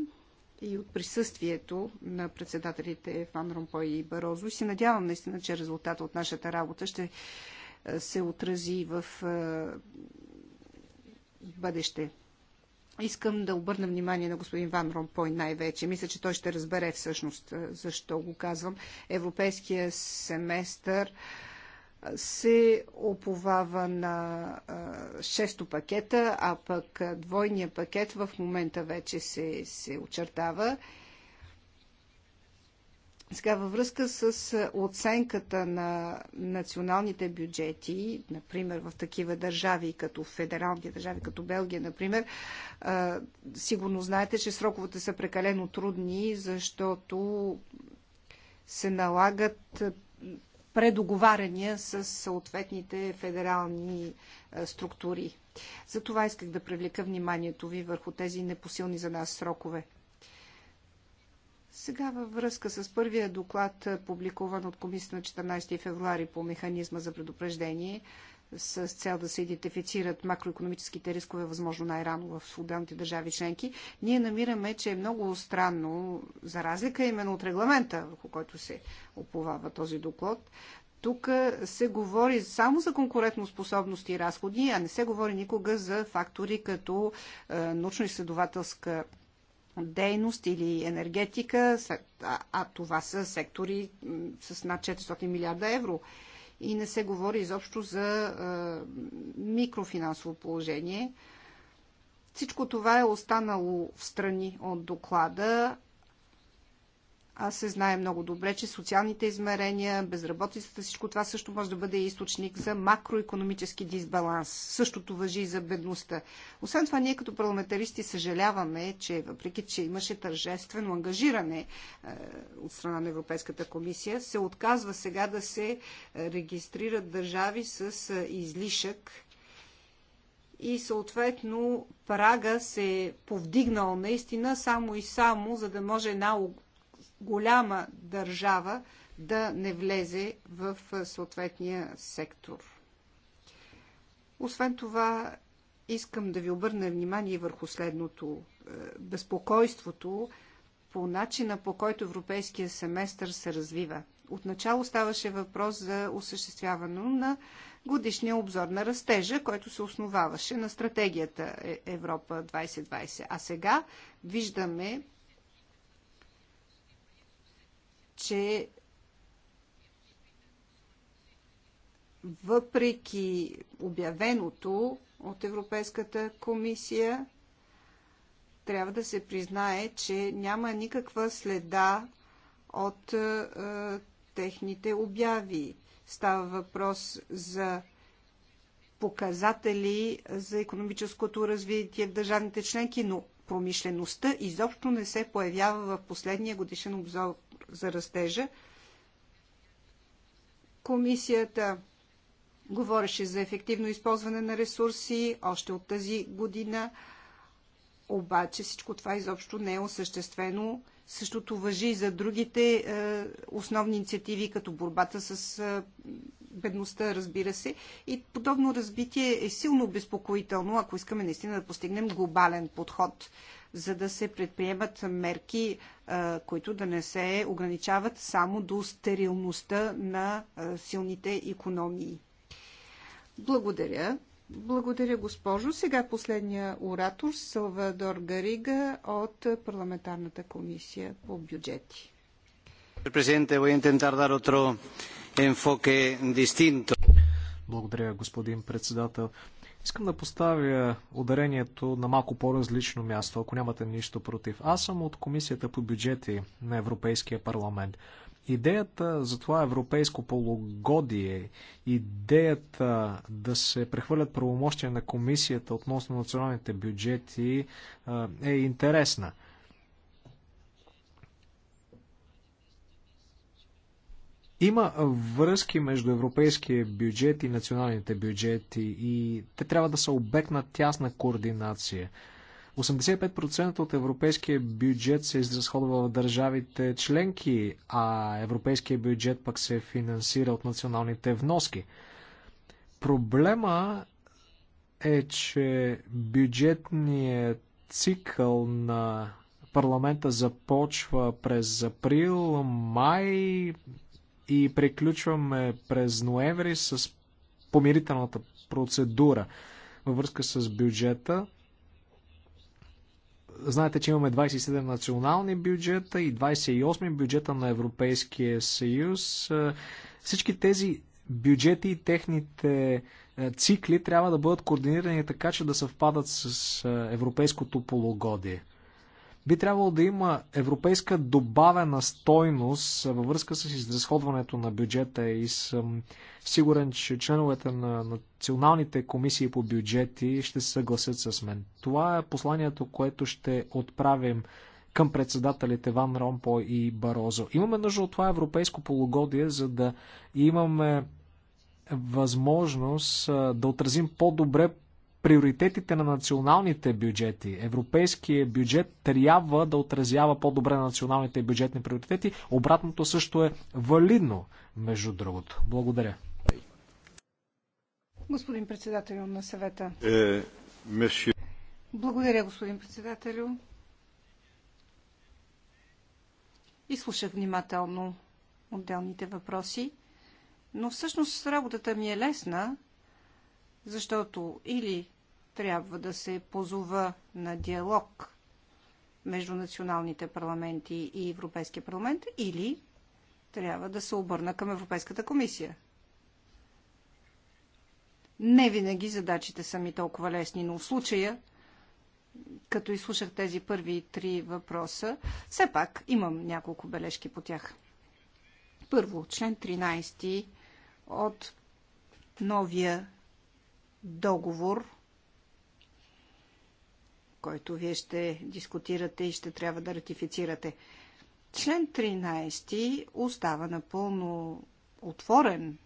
и от присъствието на председателите Ван Ромпой и Барозо. И се надявам наистина, че резултата от нашата работа ще е, се отрази в е, бъдеще. Искам да обърна внимание на господин Ван Ромпой най-вече. Мисля, че той ще разбере всъщност е, защо го казвам. Европейския семестър се оповава на шесто пакета, а пък двойния пакет в момента вече се, се очертава. Сега във връзка с оценката на националните бюджети, например в такива държави, като федералните държави, като Белгия, например, сигурно знаете, че сроковете са прекалено трудни, защото се налагат предоговаряния с съответните федерални е, структури. За това исках да привлека вниманието ви върху тези непосилни за нас срокове. Сега във връзка с първия доклад, е, публикуван от комисията на 14 февруари по механизма за предупреждение, с цел да се идентифицират макроекономическите рискове, възможно най-рано в отделните държави членки, ние намираме, че е много странно, за разлика именно от регламента, върху който се оповава този доклад, тук се говори само за конкурентоспособност и разходи, а не се говори никога за фактори като е, научно-изследователска дейност или енергетика, а, а това са сектори с над 400 милиарда евро и не се говори изобщо за микрофинансово положение. Всичко това е останало в страни от доклада, а се знае много добре, че социалните измерения, безработицата, всичко това също може да бъде източник за макроекономически дисбаланс. Същото въжи и за бедността. Освен това, ние като парламентаристи съжаляваме, че въпреки, че имаше тържествено ангажиране е, от страна на Европейската комисия, се отказва сега да се регистрират държави с е, излишък и съответно прага се е повдигнал наистина само и само, за да може една голяма държава да не влезе в съответния сектор. Освен това, искам да ви обърна внимание върху следното. Е, безпокойството по начина по който европейския семестър се развива. Отначало ставаше въпрос за осъществяване на годишния обзор на растежа, който се основаваше на стратегията е- Европа 2020. А сега виждаме че въпреки обявеното от Европейската комисия, трябва да се признае, че няма никаква следа от е, техните обяви. Става въпрос за показатели за економическото развитие в държавните членки, но промишлеността изобщо не се появява в последния годишен обзор за растежа. Комисията говореше за ефективно използване на ресурси още от тази година, обаче всичко това изобщо не е осъществено. Същото въжи и за другите е, основни инициативи, като борбата с е, бедността, разбира се. И подобно разбитие е силно обезпокоително, ако искаме наистина да постигнем глобален подход за да се предприемат мерки, които да не се ограничават само до стерилността на силните економии. Благодаря. Благодаря, госпожо. Сега последния оратор Салвадор Гарига от парламентарната комисия по бюджети. Президенте, voy a intentar dar otro enfoque distinto. Благодаря, господин председател. Искам да поставя ударението на малко по-различно място, ако нямате нищо против. Аз съм от Комисията по бюджети на Европейския парламент. Идеята за това европейско полугодие, идеята да се прехвърлят правомощия на комисията относно националните бюджети е интересна. Има връзки между европейския бюджет и националните бюджети и те трябва да са обект на тясна координация. 85% от европейския бюджет се изразходва в държавите членки, а европейския бюджет пък се финансира от националните вноски. Проблема е, че бюджетният цикъл на парламента започва през април, май, и приключваме през ноември с помирителната процедура във връзка с бюджета. Знаете, че имаме 27 национални бюджета и 28 бюджета на Европейския съюз. Е, всички тези бюджети и техните е, цикли трябва да бъдат координирани така, че да съвпадат с е, европейското полугодие. Би трябвало да има европейска добавена стойност във връзка с изразходването на бюджета и съм сигурен, че членовете на националните комисии по бюджети ще се съгласят с мен. Това е посланието, което ще отправим към председателите Ван Ромпо и Барозо. Имаме нужда от това европейско полугодие, за да имаме възможност да отразим по-добре приоритетите на националните бюджети. Европейския бюджет трябва да отразява по-добре националните бюджетни приоритети. Обратното също е валидно, между другото. Благодаря. Господин председател на съвета. Е, меши... Благодаря, господин председателю. Изслушах внимателно отделните въпроси, но всъщност работата ми е лесна, защото или трябва да се позова на диалог между националните парламенти и Европейския парламент или трябва да се обърна към Европейската комисия. Не винаги задачите са ми толкова лесни, но в случая, като изслушах тези първи три въпроса, все пак имам няколко бележки по тях. Първо, член 13 от новия договор който вие ще дискутирате и ще трябва да ратифицирате. Член 13 остава напълно отворен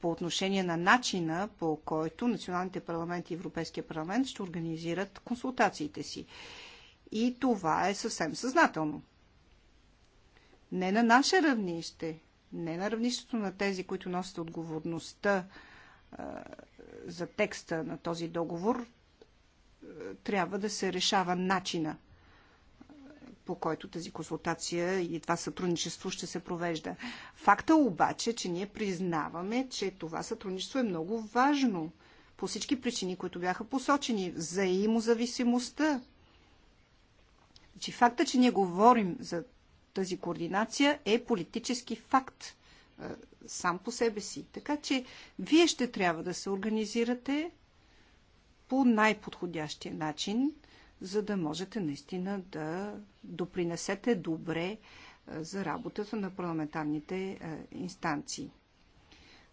по отношение на начина, по който националните парламенти и Европейския парламент ще организират консултациите си. И това е съвсем съзнателно. Не на наше равнище, не на равнището на тези, които носят отговорността за текста на този договор, трябва да се решава начина по който тази консултация и това сътрудничество ще се провежда. Факта обаче, че ние признаваме, че това сътрудничество е много важно по всички причини, които бяха посочени. Взаимозависимостта. Че значи факта, че ние говорим за тази координация е политически факт сам по себе си. Така че вие ще трябва да се организирате по най-подходящия начин, за да можете наистина да допринесете добре е, за работата на парламентарните е, инстанции.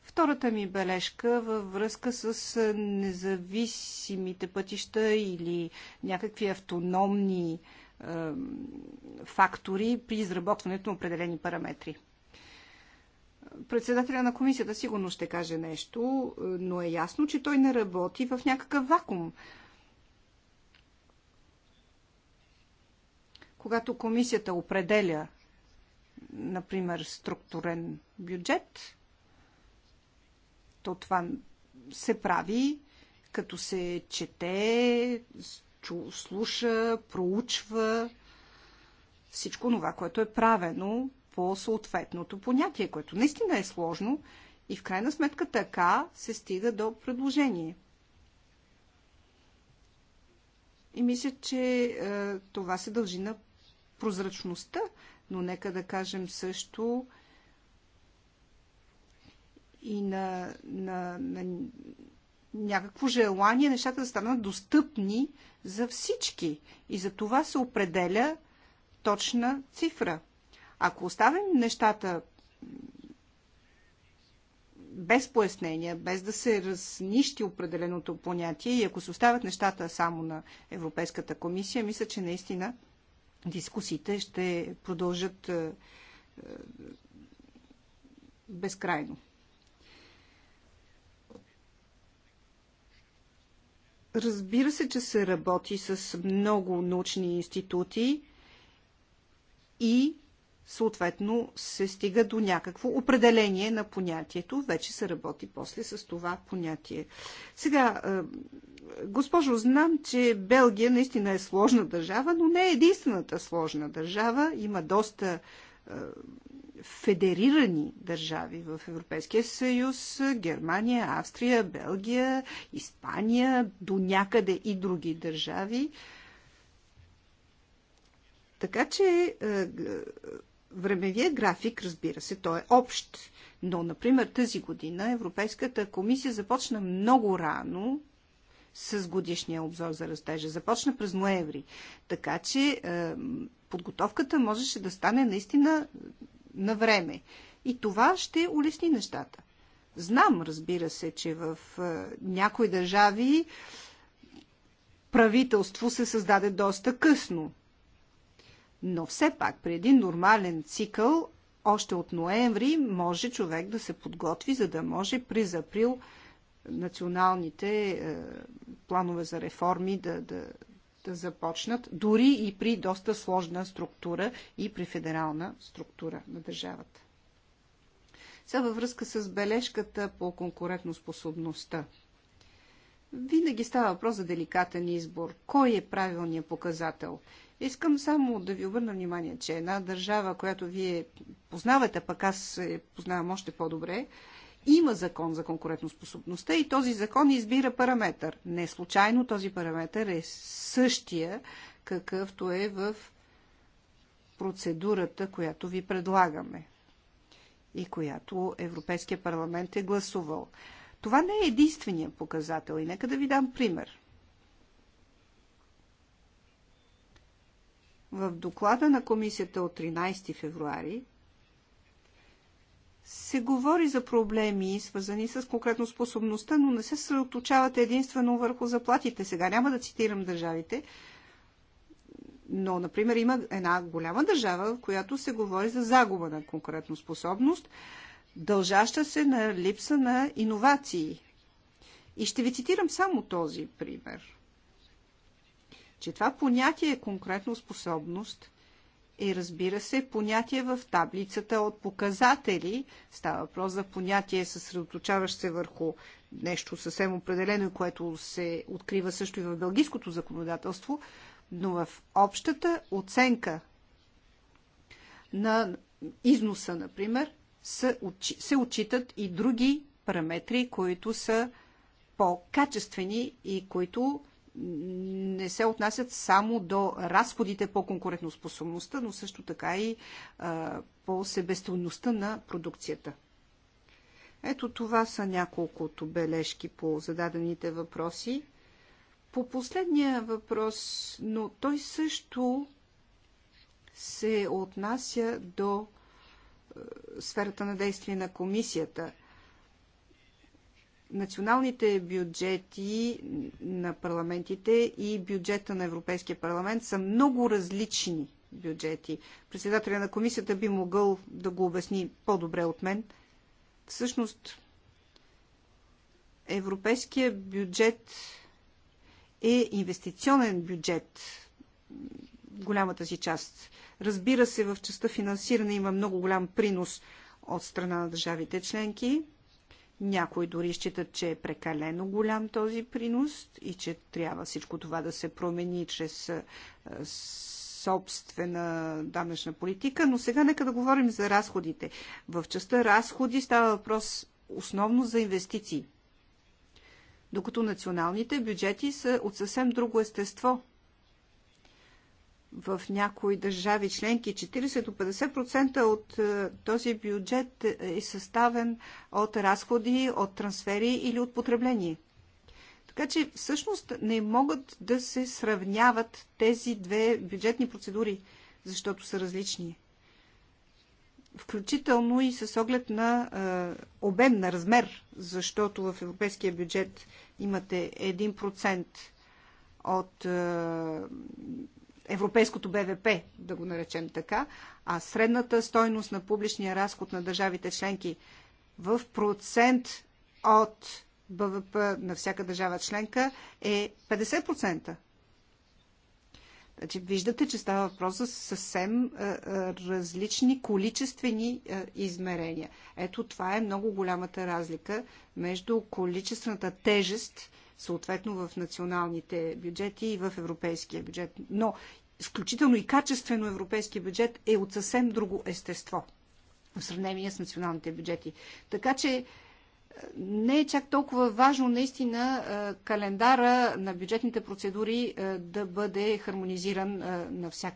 Втората ми бележка във връзка с е, независимите пътища или някакви автономни фактори при изработването на определени параметри. Председателя на комисията сигурно ще каже нещо, е, но е ясно, че той не работи в някакъв вакуум. Когато комисията определя, например, структурен бюджет, то това се прави, като се чете, слуша, проучва всичко това, което е правено по съответното понятие, което наистина е сложно и в крайна сметка така се стига до предложение. И мисля, че е, това се дължи на прозрачността, но нека да кажем също и на, на, на някакво желание нещата да станат достъпни за всички. И за това се определя точна цифра – ако оставим нещата без пояснения, без да се разнищи определеното понятие и ако се оставят нещата само на Европейската комисия, мисля, че наистина дискусиите ще продължат е, е, безкрайно. Разбира се, че се работи с много научни институти и съответно се стига до някакво определение на понятието. Вече се работи после с това понятие. Сега, е, госпожо, знам, че Белгия наистина е сложна държава, но не е единствената сложна държава. Има доста е, федерирани държави в Европейския съюз Германия, Австрия, Белгия, Испания, до някъде и други държави. Така че е, времевия график, разбира се, той е общ. Но, например, тази година Европейската комисия започна много рано с годишния обзор за растежа. Започна през ноември. Така че е, подготовката можеше да стане наистина на време. И това ще улесни нещата. Знам, разбира се, че в е, някои държави правителство се създаде доста късно. Но все пак, при един нормален цикъл, още от ноември може човек да се подготви, за да може през април националните е, планове за реформи да, да, да започнат, дори и при доста сложна структура и при федерална структура на държавата. Сега във връзка с бележката по конкурентоспособността. Винаги става въпрос за деликатен избор. Кой е правилният показател? Искам само да ви обърна внимание, че една държава, която вие познавате, пък аз познавам още по-добре, има закон за конкурентоспособността и този закон избира параметър. Не случайно този параметър е същия, какъвто е в процедурата, която ви предлагаме и която Европейския парламент е гласувал. Това не е единствения показател и нека да ви дам пример. В доклада на комисията от 13 февруари се говори за проблеми, свързани с конкретно способността, но не се съсредоточавате единствено върху заплатите. Сега няма да цитирам държавите, но, например, има една голяма държава, в която се говори за загуба на конкретно способност, дължаща се на липса на иновации. И ще ви цитирам само този пример че това понятие е конкретно способност е, разбира се, понятие в таблицата от показатели. Става въпрос за понятие, съсредоточаващ се върху нещо съвсем определено, което се открива също и в бългийското законодателство, но в общата оценка на износа, например, се отчитат и други параметри, които са по-качествени и които не се отнасят само до разходите по конкурентоспособността, но също така и а, по себестойността на продукцията. Ето това са няколкото бележки по зададените въпроси. По последния въпрос, но той също се отнася до сферата на действие на комисията – националните бюджети на парламентите и бюджета на Европейския парламент са много различни бюджети. Председателя на комисията би могъл да го обясни по-добре от мен. Всъщност, европейския бюджет е инвестиционен бюджет голямата си част. Разбира се, в частта финансиране има много голям принос от страна на държавите членки – някои дори считат, че е прекалено голям този принос и че трябва всичко това да се промени чрез собствена данъчна политика. Но сега нека да говорим за разходите. В частта разходи става въпрос основно за инвестиции. Докато националните бюджети са от съвсем друго естество – в някои държави членки 40-50% от е, този бюджет е, е съставен от разходи, от трансфери или от потребление. Така че всъщност не могат да се сравняват тези две бюджетни процедури, защото са различни. Включително и с оглед на е, обем, на размер, защото в европейския бюджет имате 1% от е, европейското БВП, да го наречем така, а средната стойност на публичния разход на държавите членки в процент от БВП на всяка държава членка е 50%. Значи, виждате, че става въпрос за съвсем е, е, различни количествени е, измерения. Ето това е много голямата разлика между количествената тежест – съответно в националните бюджети и в европейския бюджет. Но изключително и качествено европейския бюджет е от съвсем друго естество в сравнение с националните бюджети. Така че е, не е чак толкова важно наистина е, календара на бюджетните процедури е, да бъде хармонизиран на всяк...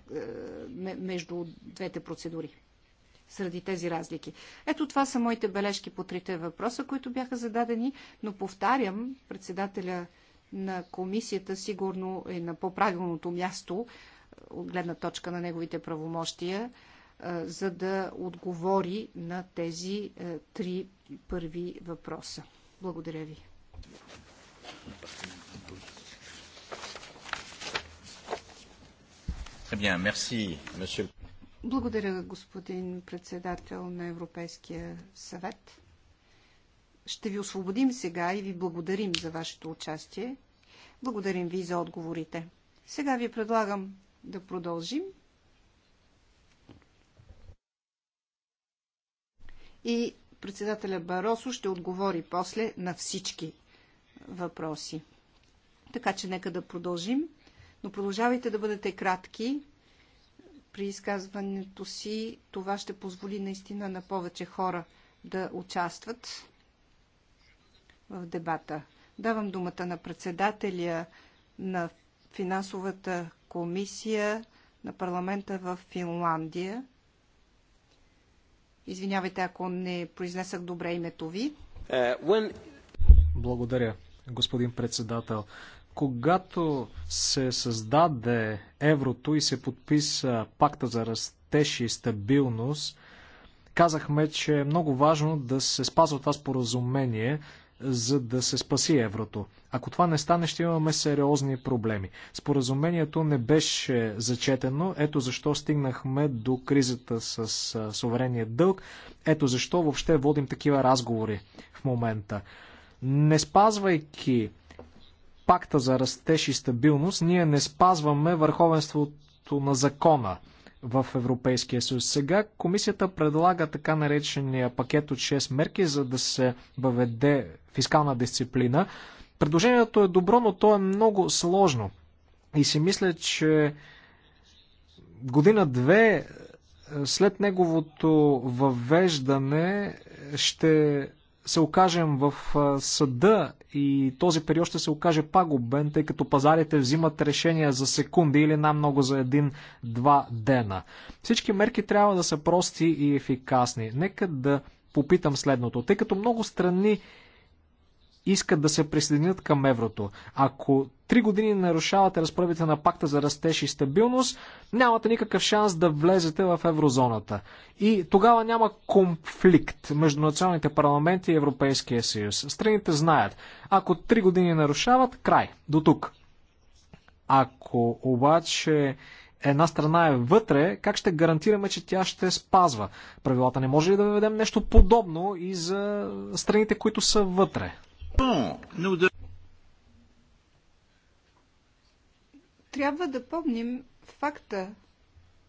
между двете процедури заради тези разлики. Ето това са моите бележки по трите въпроса, които бяха зададени, но повтарям, председателя на комисията сигурно е на по-правилното място от гледна точка на неговите правомощия, за да отговори на тези три първи въпроса. Благодаря ви. Très bien, merci, monsieur. Благодаря, господин председател на Европейския съвет. Ще ви освободим сега и ви благодарим за вашето участие. Благодарим ви за отговорите. Сега ви предлагам да продължим. И председателя Баросо ще отговори после на всички въпроси. Така че нека да продължим. Но продължавайте да бъдете кратки, при изказването си. Това ще позволи наистина на повече хора да участват в дебата. Давам думата на председателя на финансовата комисия на парламента в Финландия. Извинявайте, ако не произнесах добре името ви. Е, Благодаря, господин председател. Когато се създаде еврото и се подписа пакта за растеж и стабилност, казахме, че е много важно да се спазва това споразумение, за да се спаси еврото. Ако това не стане, ще имаме сериозни проблеми. Споразумението не беше зачетено, ето защо стигнахме до кризата с суверения дълг, ето защо въобще водим такива разговори в момента. Не спазвайки пакта за растеж и стабилност, ние не спазваме върховенството на закона в Европейския съюз. Сега комисията предлага така наречения пакет от 6 мерки, за да се въведе фискална дисциплина. Предложението е добро, но то е много сложно. И си мисля, че година-две е, след неговото въвеждане ще се окажем в съда и този период ще се окаже пагубен, тъй като пазарите взимат решения за секунди или най-много за един-два дена. Всички мерки трябва да са прости и ефикасни. Нека да попитам следното. Тъй като много страни искат да се присъединят към еврото. Ако три години нарушавате разправите на пакта за растеж и стабилност, нямате никакъв шанс да влезете в еврозоната. И тогава няма конфликт между националните парламенти и Европейския съюз. Страните знаят, ако три години нарушават, край, до тук. Ако обаче една страна е вътре, как ще гарантираме, че тя ще спазва правилата? Не може ли да въведем нещо подобно и за страните, които са вътре? Трябва да помним факта,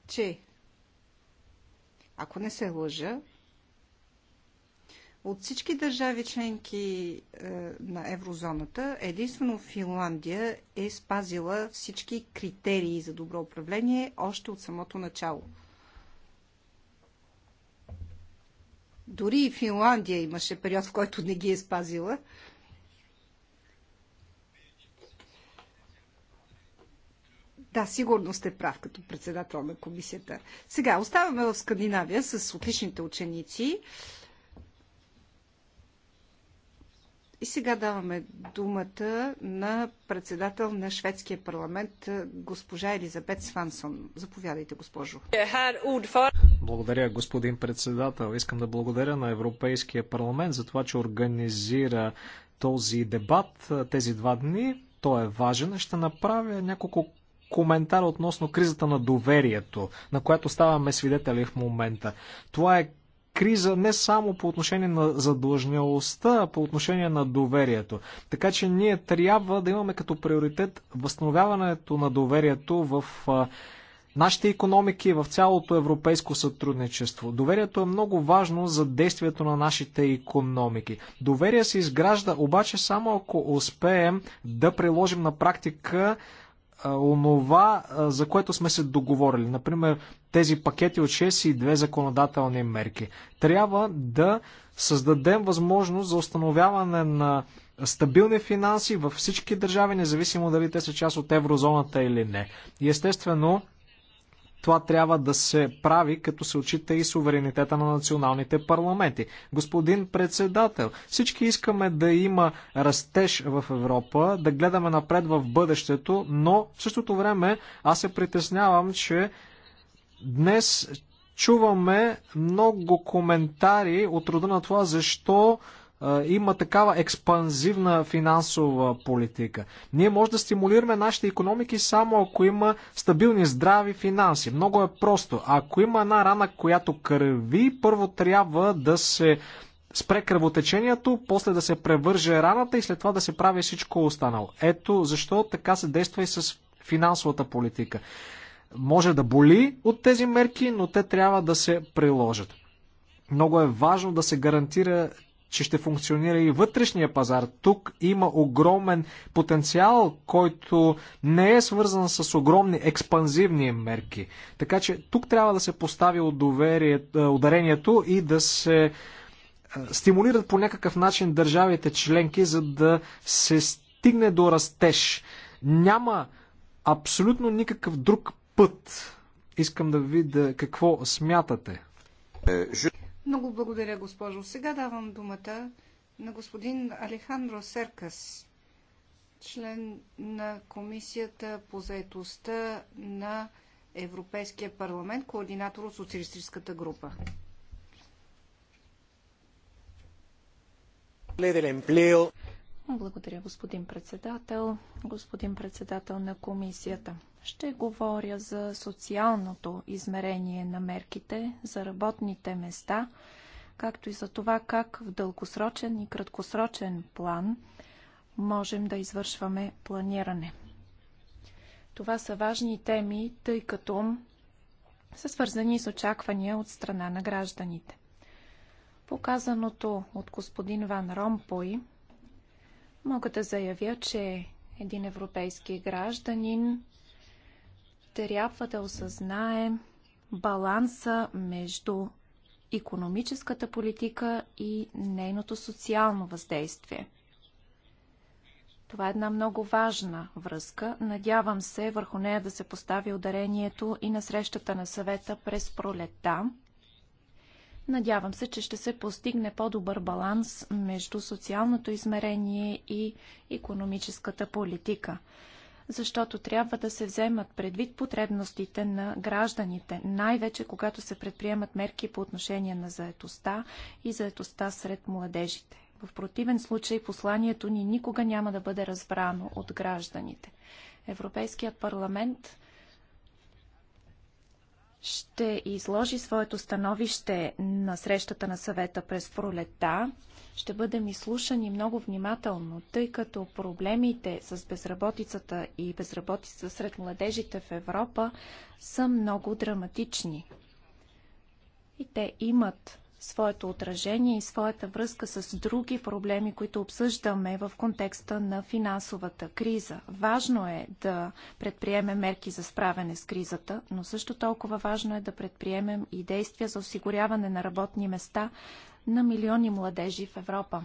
че ако не се лъжа, от всички държави членки е, на еврозоната, единствено Финландия е спазила всички критерии за добро управление още от самото начало. Дори и Финландия имаше период, в който не ги е спазила – Да, сигурно сте прав като председател на комисията. Сега, оставаме в Скандинавия с отличните ученици. И сега даваме думата на председател на шведския парламент, госпожа Елизабет Свансон. Заповядайте, госпожо. Благодаря, господин председател. Искам да благодаря на Европейския парламент за това, че организира този дебат тези два дни. Той е важен. Ще направя няколко коментар относно кризата на доверието, на която ставаме свидетели в момента. Това е криза не само по отношение на задлъжнялостта, а по отношение на доверието. Така че ние трябва да имаме като приоритет възстановяването на доверието в нашите економики в цялото европейско сътрудничество. Доверието е много важно за действието на нашите економики. Доверие се изгражда обаче само ако успеем да приложим на практика онова, за което сме се договорили. Например, тези пакети от 6 и 2 законодателни мерки. Трябва да създадем възможност за установяване на стабилни финанси във всички държави, независимо дали те са част от еврозоната или не. И естествено, това трябва да се прави, като се отчита и суверенитета на националните парламенти. Господин председател, всички искаме да има растеж в Европа, да гледаме напред в бъдещето, но в същото време аз се притеснявам, че днес чуваме много коментари от рода на това, защо има такава експанзивна финансова политика. Ние може да стимулираме нашите економики само ако има стабилни, здрави финанси. Много е просто. Ако има една рана, която кърви, първо трябва да се спре кръвотечението, после да се превърже раната и след това да се прави всичко останало. Ето защо така се действа и с финансовата политика. Може да боли от тези мерки, но те трябва да се приложат. Много е важно да се гарантира, че ще функционира и вътрешния пазар. Тук има огромен потенциал, който не е свързан с огромни експанзивни мерки. Така че тук трябва да се постави е, ударението и да се е, стимулират по някакъв начин държавите членки, за да се стигне до растеж. Няма абсолютно никакъв друг път. Искам да видя какво смятате. Е, много благодаря, госпожо. Сега давам думата на господин Алехандро Серкас, член на Комисията по заетостта на Европейския парламент, координатор от социалистическата група. Благодаря, господин председател, господин председател на комисията. Ще говоря за социалното измерение на мерките, за работните места, както и за това как в дългосрочен и краткосрочен план можем да извършваме планиране. Това са важни теми, тъй като са свързани с очаквания от страна на гражданите. Показаното от господин Ван Ромпой, мога да заявя, че един европейски гражданин трябва да осъзнаем баланса между економическата политика и нейното социално въздействие. Това е една много важна връзка. Надявам се върху нея да се постави ударението и на срещата на съвета през пролетта. Надявам се, че ще се постигне по-добър баланс между социалното измерение и економическата политика защото трябва да се вземат предвид потребностите на гражданите, най-вече когато се предприемат мерки по отношение на заетостта и заетостта сред младежите. В противен случай посланието ни никога няма да бъде разбрано от гражданите. Европейският парламент ще изложи своето становище на срещата на съвета през пролета ще бъдем изслушани много внимателно, тъй като проблемите с безработицата и безработица сред младежите в Европа са много драматични. И те имат своето отражение и своята връзка с други проблеми, които обсъждаме в контекста на финансовата криза. Важно е да предприемем мерки за справяне с кризата, но също толкова важно е да предприемем и действия за осигуряване на работни места на милиони младежи в Европа.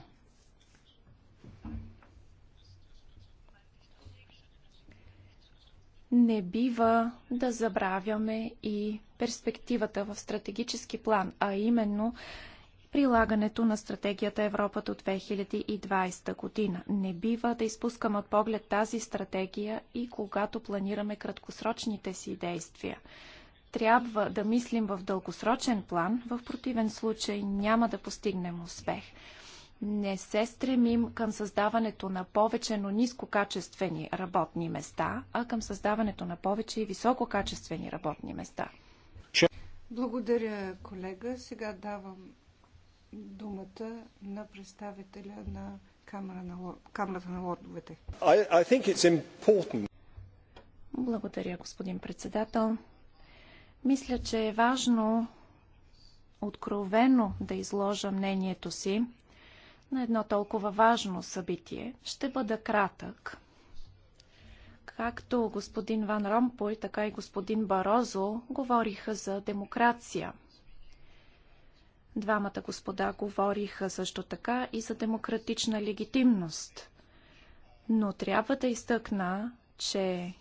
Не бива да забравяме и перспективата в стратегически план, а именно прилагането на стратегията Европа до 2020 година. Не бива да изпускаме от поглед тази стратегия и когато планираме краткосрочните си действия трябва да мислим в дългосрочен план, в противен случай няма да постигнем успех. Не се стремим към създаването на повече, но нискокачествени работни места, а към създаването на повече и висококачествени работни места. Благодаря, колега. Сега давам думата на представителя на Камера на, Камерата на лордовете. I, I Благодаря, господин председател. Мисля, че е важно откровено да изложа мнението си на едно толкова важно събитие. Ще бъда кратък. Както господин Ван Ромпой, така и господин Барозо говориха за демокрация. Двамата господа говориха също така и за демократична легитимност. Но трябва да изтъкна, че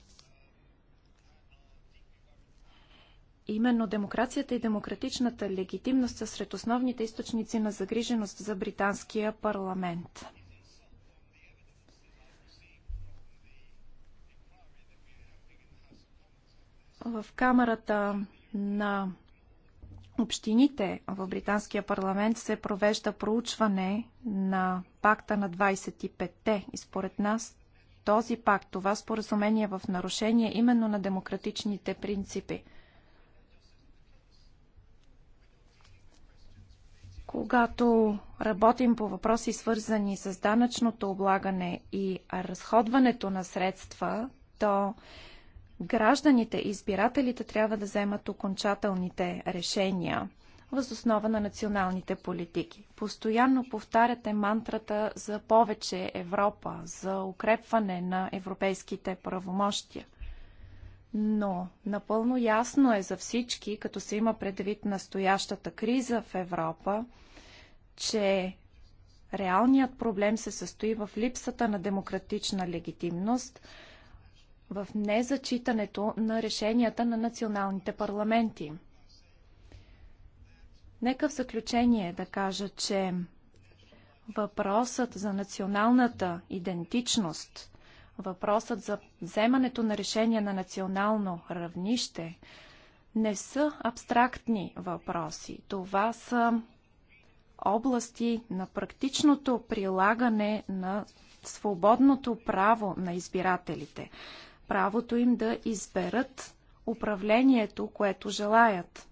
Именно демокрацията и демократичната легитимност са сред основните източници на загриженост за британския парламент. В камерата на общините в британския парламент се провежда проучване на пакта на 25-те и според нас този пакт, това споразумение е в нарушение именно на демократичните принципи – Когато работим по въпроси, свързани с данъчното облагане и разходването на средства, то гражданите и избирателите трябва да вземат окончателните решения въз основа на националните политики. Постоянно повтаряте мантрата за повече Европа, за укрепване на европейските правомощия но напълно ясно е за всички, като се има предвид настоящата криза в Европа, че реалният проблем се състои в липсата на демократична легитимност, в незачитането на решенията на националните парламенти. Нека в заключение да кажа, че въпросът за националната идентичност въпросът за вземането на решения на национално равнище не са абстрактни въпроси. Това са области на практичното прилагане на свободното право на избирателите, правото им да изберат управлението, което желаят.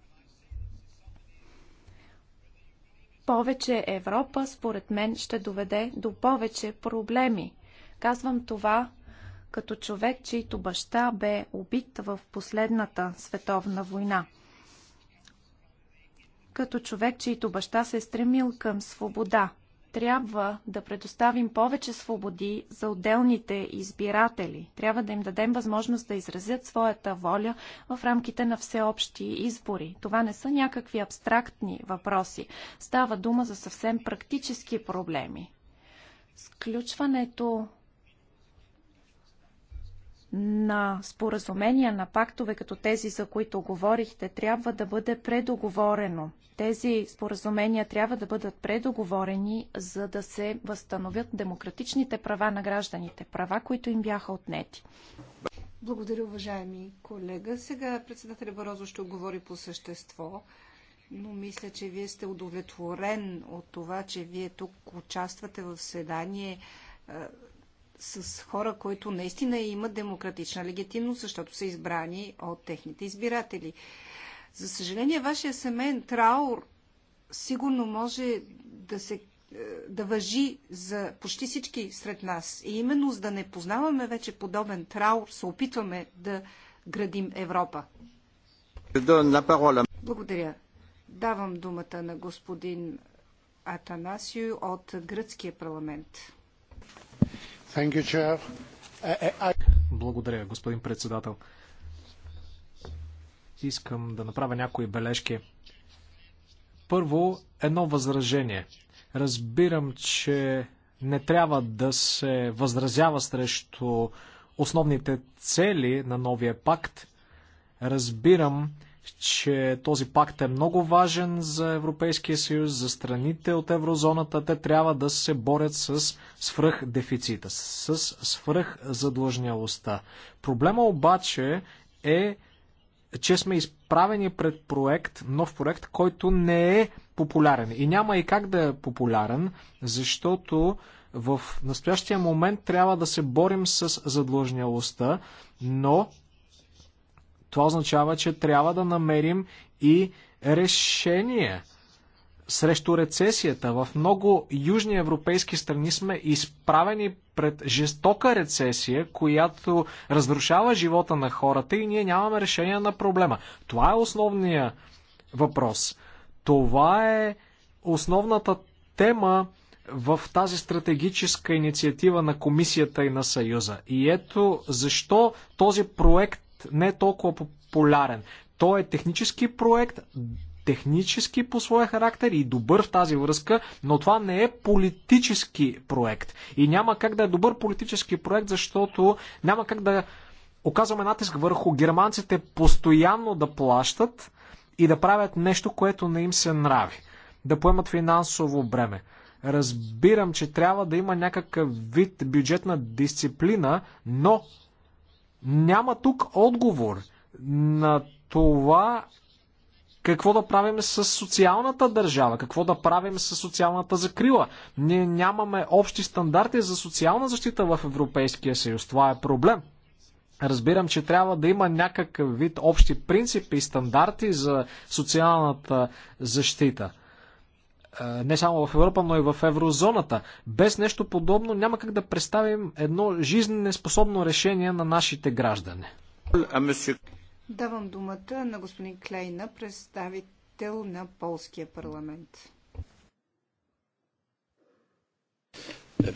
Повече Европа, според мен, ще доведе до повече проблеми. Казвам това като човек, чийто баща бе убит в последната световна война. Като човек, чийто баща се е стремил към свобода, трябва да предоставим повече свободи за отделните избиратели. Трябва да им дадем възможност да изразят своята воля в рамките на всеобщи избори. Това не са някакви абстрактни въпроси. Става дума за съвсем практически проблеми. Сключването на споразумения, на пактове, като тези, за които говорихте, трябва да бъде предоговорено. Тези споразумения трябва да бъдат предоговорени, за да се възстановят демократичните права на гражданите, права, които им бяха отнети. Благодаря, уважаеми колега. Сега председателя Барозо ще говори по същество, но мисля, че вие сте удовлетворен от това, че вие тук участвате в седание е, с хора, които наистина имат демократична легитимност, защото са избрани от техните избиратели. За съжаление, вашия семейен траур сигурно може да се е, да въжи за почти всички сред нас. И именно за да не познаваме вече подобен траур, се опитваме да градим Европа. Благодаря. Давам думата на господин Атанасио от Гръцкия парламент. Uh, uh, Благодаря, господин председател. Искам да направя някои бележки. Първо, едно възражение. Разбирам, че не трябва да се възразява срещу основните цели на новия пакт. Разбирам, че този пакт е много важен за Европейския съюз, за страните от еврозоната. Те трябва да се борят с свръхдефицита, с свръхзадлъжнялостта. Проблема обаче е, че сме изправени пред проект, нов проект, който не е популярен. И няма и как да е популярен, защото в настоящия момент трябва да се борим с задлъжнялостта, но това означава, че трябва да намерим и решение срещу рецесията. В много южни европейски страни сме изправени пред жестока рецесия, която разрушава живота на хората и ние нямаме решение на проблема. Това е основният въпрос. Това е основната тема в тази стратегическа инициатива на комисията и на Съюза. И ето защо този проект не е толкова популярен. Той е технически проект, технически по своя характер и добър в тази връзка, но това не е политически проект. И няма как да е добър политически проект, защото няма как да оказваме натиск върху германците постоянно да плащат и да правят нещо, което не им се нрави. Да поемат финансово бреме. Разбирам, че трябва да има някакъв вид бюджетна дисциплина, но няма тук отговор на това какво да правим с социалната държава, какво да правим с социалната закрила. Ние нямаме общи стандарти за социална защита в Европейския съюз. Това е проблем. Разбирам, че трябва да има някакъв вид общи принципи и стандарти за социалната защита – не само в Европа, но и в еврозоната. Без нещо подобно няма как да представим едно жизненеспособно решение на нашите граждани. Давам думата на господин Клейна, представител на Полския парламент.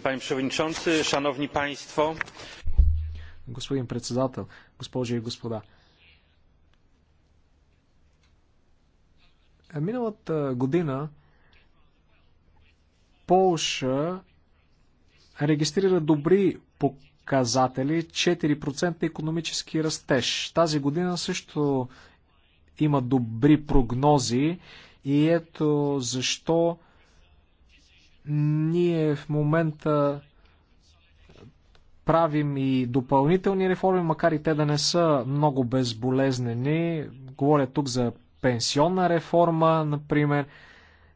Panie Przewodniczący, Господин председател, госпожи и господа. Миналата година Полша регистрира добри показатели, 4% економически растеж. Тази година също има добри прогнози и ето защо ние в момента правим и допълнителни реформи, макар и те да не са много безболезнени. Говоря тук за пенсионна реформа, например –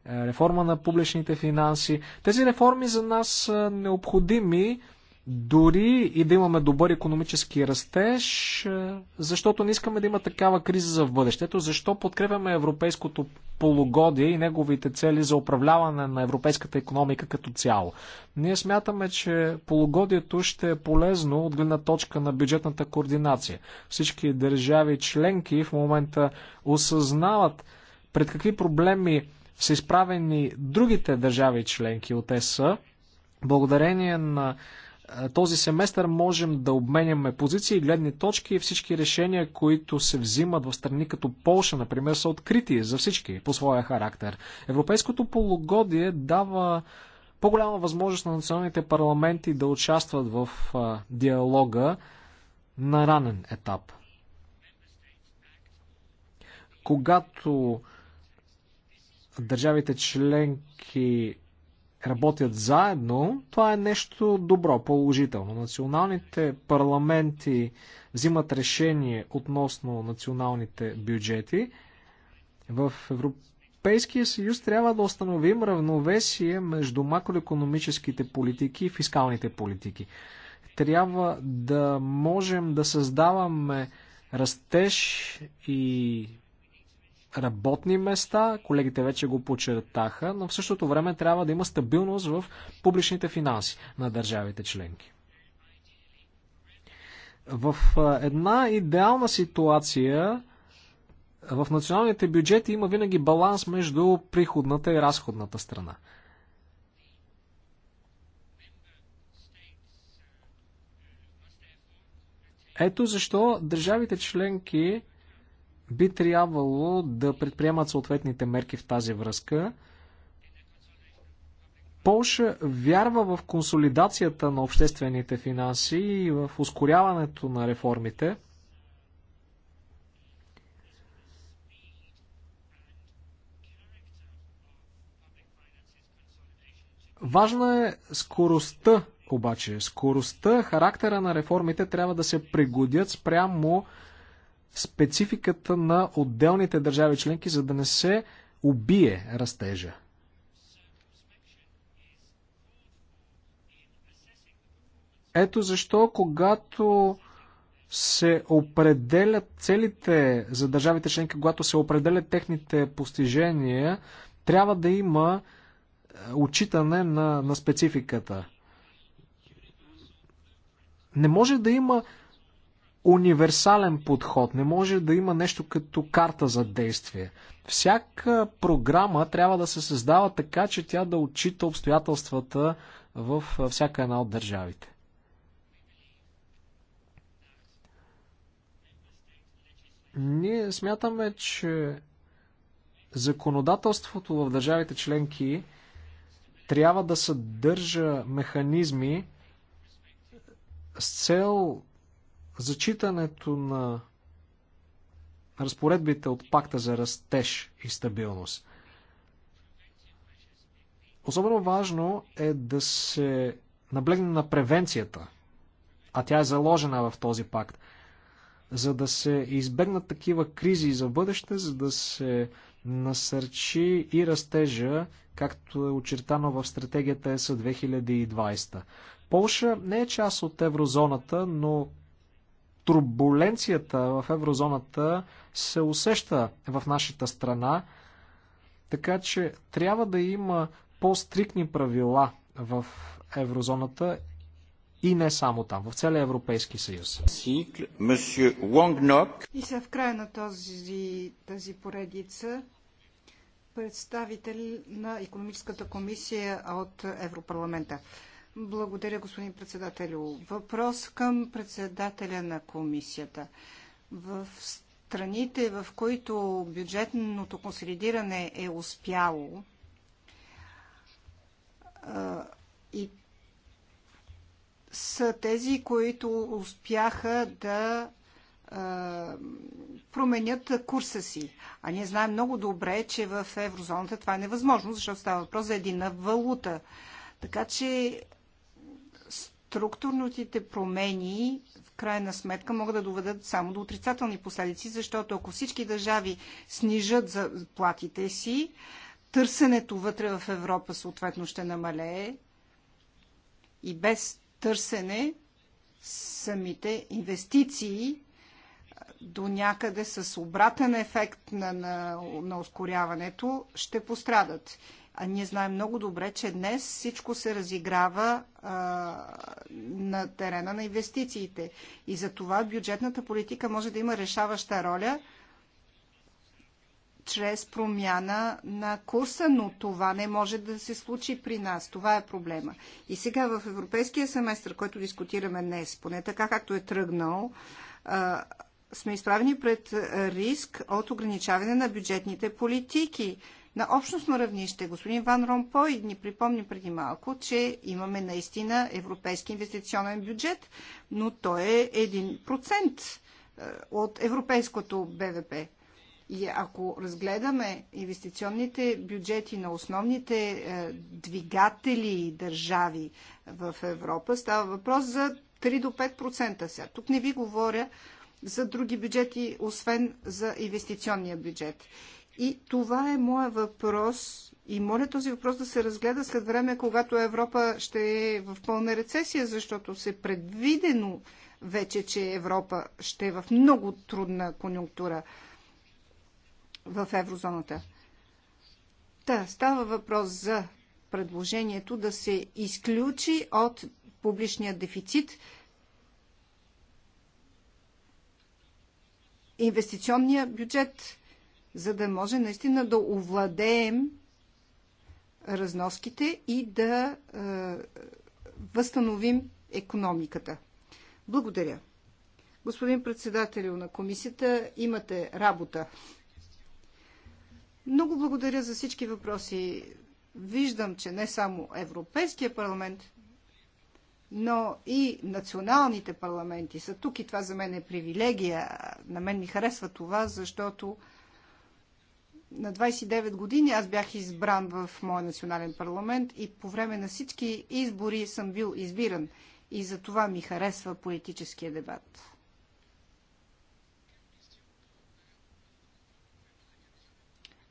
е, реформа на публичните финанси. Тези реформи за нас са необходими дори и да имаме добър економически растеж, е, защото не искаме да има такава криза за в бъдещето, защо подкрепяме европейското полугодие и неговите цели за управляване на европейската економика като цяло. Ние смятаме, че полугодието ще е полезно от гледна точка на бюджетната координация. Всички държави членки в момента осъзнават пред какви проблеми са изправени другите държави членки от ЕС. Благодарение на този семестър можем да обменяме позиции, гледни точки и всички решения, които се взимат в страни като Полша, например, са открити за всички по своя характер. Европейското полугодие дава по-голяма възможност на националните парламенти да участват в диалога на ранен етап. Когато държавите членки работят заедно, това е нещо добро, положително. Националните парламенти взимат решение относно националните бюджети. В Европейския съюз трябва да установим равновесие между макроекономическите политики и фискалните политики. Трябва да можем да създаваме растеж и работни места, колегите вече го подчертаха, но в същото време трябва да има стабилност в публичните финанси на държавите членки. В една идеална ситуация в националните бюджети има винаги баланс между приходната и разходната страна. Ето защо държавите членки би трябвало да предприемат съответните мерки в тази връзка. Полша вярва в консолидацията на обществените финанси и в ускоряването на реформите. Важна е скоростта, обаче. Скоростта, характера на реформите трябва да се пригодят спрямо спецификата на отделните държави членки, за да не се убие растежа. Ето защо, когато се определят целите за държавите членки, когато се определят техните постижения, трябва да има е, отчитане на, на спецификата. Не може да има универсален подход. Не може да има нещо като карта за действие. Всяка програма трябва да се създава така, че тя да отчита обстоятелствата в всяка една от държавите. Ние смятаме, че законодателството в държавите членки трябва да съдържа механизми с цел Зачитането на разпоредбите от пакта за растеж и стабилност. Особено важно е да се наблегне на превенцията, а тя е заложена в този пакт, за да се избегнат такива кризи за бъдеще, за да се насърчи и растежа, както е очертано в стратегията ЕС 2020. Полша не е част от еврозоната, но турбуленцията в еврозоната се усеща в нашата страна, така че трябва да има по-стрикни правила в еврозоната и не само там, в целия Европейски съюз. И се в края на този, тази поредица представител на економическата комисия от Европарламента. Благодаря, господин председателю. Въпрос към председателя на комисията. В страните, в които бюджетното консолидиране е успяло и са тези, които успяха да променят курса си. А ние знаем много добре, че в еврозоната това е невъзможно, защото става въпрос за една валута. Така че структурните промени в крайна сметка могат да доведат само до отрицателни последици, защото ако всички държави снижат заплатите си, търсенето вътре в Европа съответно ще намалее и без търсене самите инвестиции до някъде с обратен ефект на, на, на ускоряването ще пострадат. А ние знаем много добре, че днес всичко се разиграва а, на терена на инвестициите. И за това бюджетната политика може да има решаваща роля чрез промяна на курса, но това не може да се случи при нас. Това е проблема. И сега в европейския семестър, който дискутираме днес, поне така както е тръгнал, а, сме изправени пред риск от ограничаване на бюджетните политики на общностно равнище. Господин Ван Ромпой ни припомни преди малко, че имаме наистина европейски инвестиционен бюджет, но той е 1% е, от европейското БВП. И ако разгледаме инвестиционните бюджети на основните е, двигатели и държави е, в Европа, става въпрос за 3 до 5%. Сега тук не ви говоря за други бюджети, освен за инвестиционния бюджет. И това е моя въпрос и моля този въпрос да се разгледа след време, когато Европа ще е в пълна рецесия, защото се предвидено вече, че Европа ще е в много трудна конюнктура в еврозоната. Та, става въпрос за предложението да се изключи от публичния дефицит инвестиционния бюджет за да може наистина да овладеем разноските и да е, възстановим економиката. Благодаря. Господин председател на комисията, имате работа. Много благодаря за всички въпроси. Виждам, че не само Европейския парламент, но и националните парламенти са тук и това за мен е привилегия. На мен ми харесва това, защото на 29 години аз бях избран в моя национален парламент и по време на всички избори съм бил избиран. И за това ми харесва политическия дебат.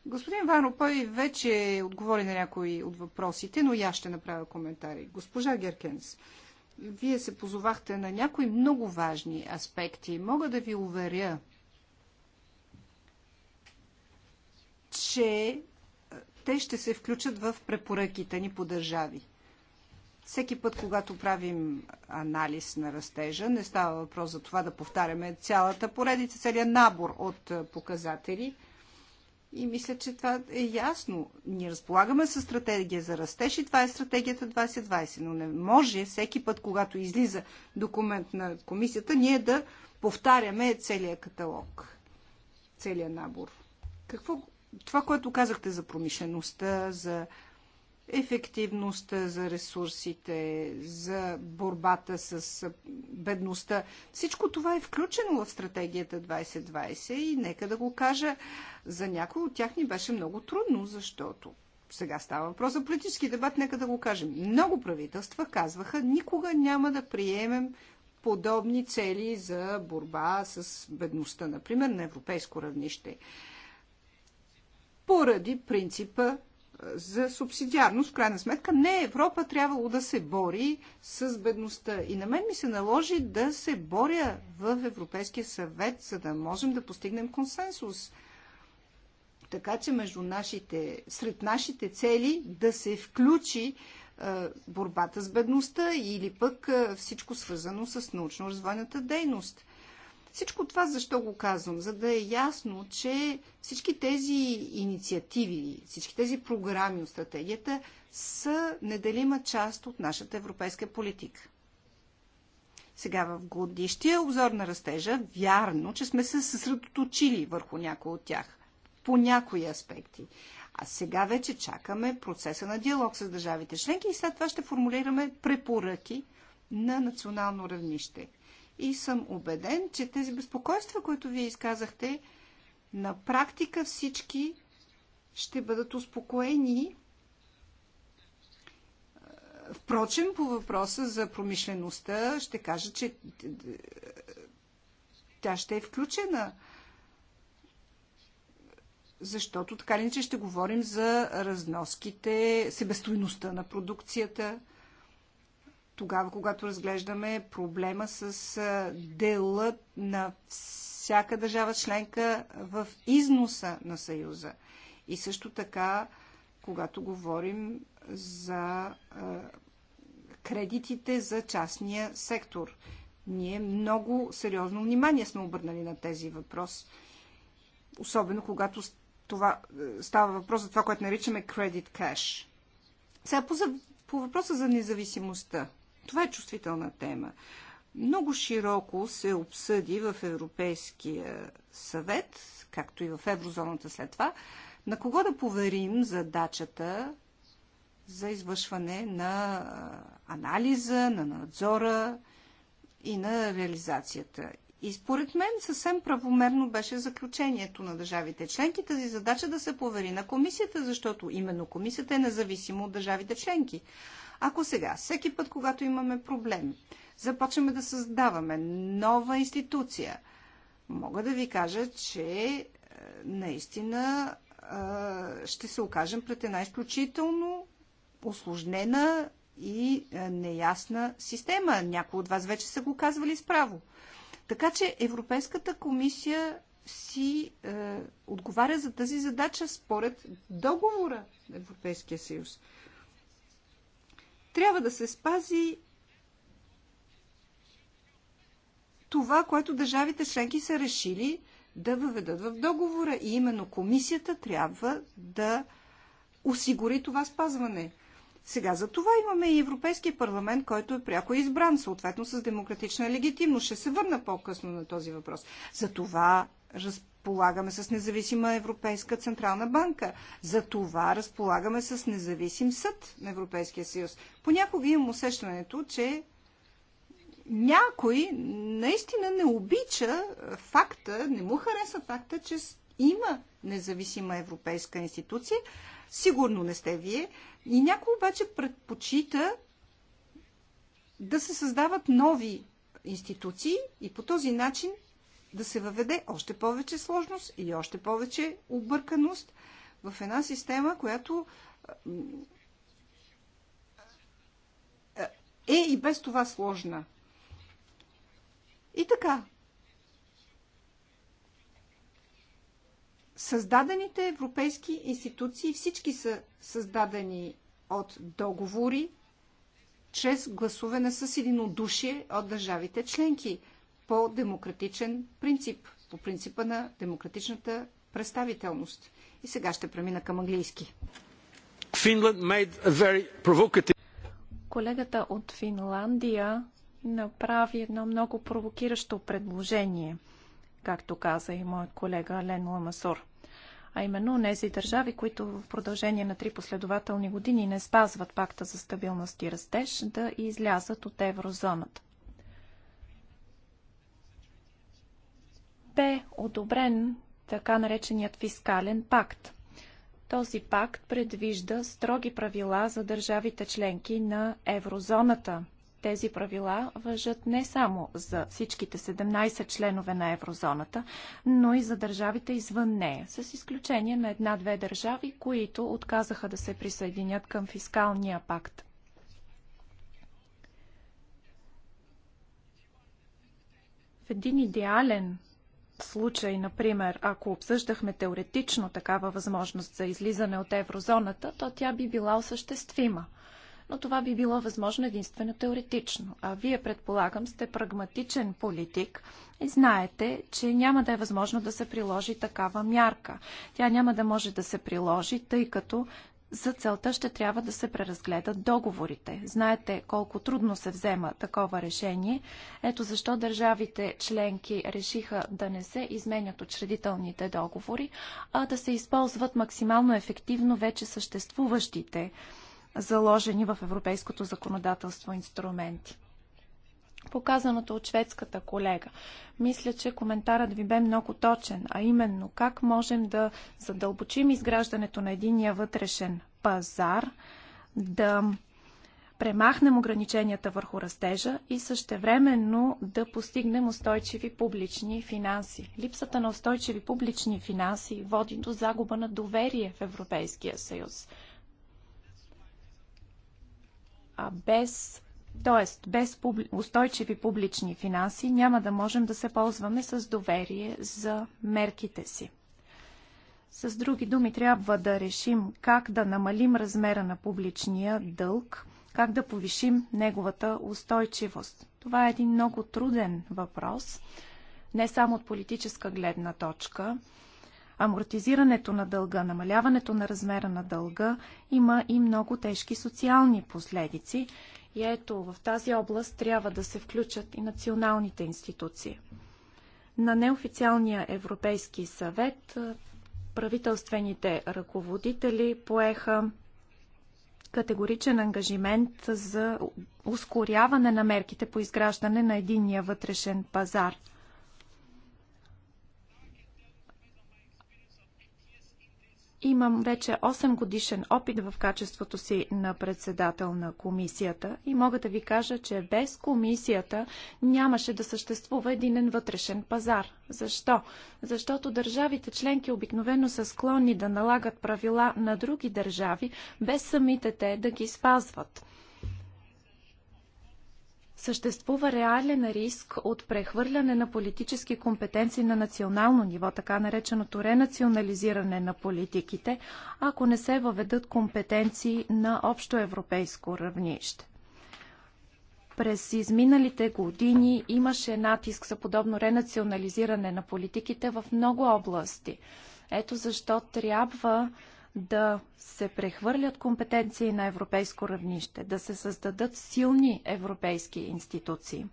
Господин Ван Ропой вече отговори на някои от въпросите, но я ще направя коментари. Госпожа Геркенс, вие се позовахте на някои много важни аспекти. Мога да ви уверя, че те ще се включат в препоръките ни по държави. Всеки път, когато правим анализ на растежа, не става въпрос за това да повтаряме цялата поредица, целият набор от показатели. И мисля, че това е ясно. Ние разполагаме с стратегия за растеж и това е стратегията 2020. Но не може всеки път, когато излиза документ на комисията, ние да повтаряме целият каталог, целият набор. Какво това, което казахте за промишлеността, за ефективността, за ресурсите, за борбата с бедността. Всичко това е включено в стратегията 2020 и нека да го кажа, за някои от тях ни беше много трудно, защото сега става въпрос за политически дебат, нека да го кажем. Много правителства казваха, никога няма да приемем подобни цели за борба с бедността, например, на европейско равнище поради принципа за субсидиарност. В крайна сметка не Европа трябвало да се бори с бедността. И на мен ми се наложи да се боря в Европейския съвет, за да можем да постигнем консенсус. Така че между нашите, сред нашите цели да се включи борбата с бедността или пък всичко свързано с научно-развойната дейност. Всичко това защо го казвам? За да е ясно, че всички тези инициативи, всички тези програми от стратегията са неделима част от нашата европейска политика. Сега в годищия обзор на растежа, вярно, че сме се съсредоточили върху някои от тях, по някои аспекти. А сега вече чакаме процеса на диалог с държавите членки и след това ще формулираме препоръки на национално равнище – и съм убеден, че тези безпокойства, които вие изказахте, на практика всички ще бъдат успокоени. Впрочем, по въпроса за промишлеността ще кажа, че тя ще е включена защото така ли, че ще говорим за разноските, себестойността на продукцията тогава, когато разглеждаме проблема с дела на всяка държава членка в износа на Съюза. И също така, когато говорим за кредитите за частния сектор. Ние много сериозно внимание сме обърнали на тези въпрос. Особено когато това, става въпрос за това, което наричаме кредит кеш. Сега по, по въпроса за независимостта. Това е чувствителна тема. Много широко се обсъди в Европейския съвет, както и в еврозоната след това, на кого да поверим задачата за извършване на анализа, на надзора и на реализацията. И според мен съвсем правомерно беше заключението на държавите членки тази задача да се повери на комисията, защото именно комисията е независима от държавите членки. Ако сега, всеки път, когато имаме проблем, започваме да създаваме нова институция, мога да ви кажа, че е, наистина е, ще се окажем пред една изключително осложнена и е, неясна система. Някои от вас вече са го казвали справо. Така че Европейската комисия си е, отговаря за тази задача според договора на Европейския съюз трябва да се спази това, което държавите членки са решили да въведат в договора. И именно комисията трябва да осигури това спазване. Сега за това имаме и Европейския парламент, който е пряко избран, съответно с демократична легитимност. Ще се върна по-късно на този въпрос. За това разполагаме с независима Европейска Централна банка. За това разполагаме с независим съд на Европейския съюз. Понякога имам усещането, че някой наистина не обича факта, не му харесва факта, че има независима европейска институция. Сигурно не сте вие. И някой обаче предпочита да се създават нови институции и по този начин да се въведе още повече сложност и още повече обърканост в една система, която е, е и без това сложна. И така, създадените европейски институции всички са създадени от договори, чрез гласуване с единодушие от държавите членки – по демократичен принцип, по принципа на демократичната представителност. И сега ще премина към английски. Колегата от Финландия направи едно много провокиращо предложение, както каза и моят колега Лен Ламасор. А именно тези държави, които в продължение на три последователни години не спазват пакта за стабилност и растеж, да излязат от еврозоната. бе одобрен така нареченият фискален пакт. Този пакт предвижда строги правила за държавите членки на еврозоната. Тези правила въжат не само за всичките 17 членове на еврозоната, но и за държавите извън нея, с изключение на една-две държави, които отказаха да се присъединят към фискалния пакт. В един идеален случай, например, ако обсъждахме теоретично такава възможност за излизане от еврозоната, то тя би била осъществима. Но това би било възможно единствено теоретично. А вие, предполагам, сте прагматичен политик и знаете, че няма да е възможно да се приложи такава мярка. Тя няма да може да се приложи, тъй като за целта ще трябва да се преразгледат договорите. Знаете колко трудно се взема такова решение. Ето защо държавите членки решиха да не се изменят учредителните договори, а да се използват максимално ефективно вече съществуващите заложени в европейското законодателство инструменти показаното от шведската колега. Мисля, че коментарът ви бе много точен, а именно как можем да задълбочим изграждането на единия вътрешен пазар, да премахнем ограниченията върху растежа и същевременно да постигнем устойчиви публични финанси. Липсата на устойчиви публични финанси води до загуба на доверие в Европейския съюз. А без Тоест, без публи... устойчиви публични финанси няма да можем да се ползваме с доверие за мерките си. С други думи, трябва да решим как да намалим размера на публичния дълг, как да повишим неговата устойчивост. Това е един много труден въпрос, не само от политическа гледна точка. Амортизирането на дълга, намаляването на размера на дълга има и много тежки социални последици и ето, в тази област трябва да се включат и националните институции. На неофициалния Европейски съвет правителствените ръководители поеха категоричен ангажимент за ускоряване на мерките по изграждане на единния вътрешен пазар. Имам вече 8 годишен опит в качеството си на председател на комисията и мога да ви кажа, че без комисията нямаше да съществува единен вътрешен пазар. Защо? Защото държавите членки обикновено са склонни да налагат правила на други държави, без самите те да ги спазват. Съществува реален риск от прехвърляне на политически компетенции на национално ниво, така нареченото ренационализиране на политиките, ако не се въведат компетенции на общо европейско равнище. През изминалите години имаше натиск за подобно ренационализиране на политиките в много области. Ето защо трябва да се прехвърлят компетенции на европейско равнище, да се създадат силни европейски институции.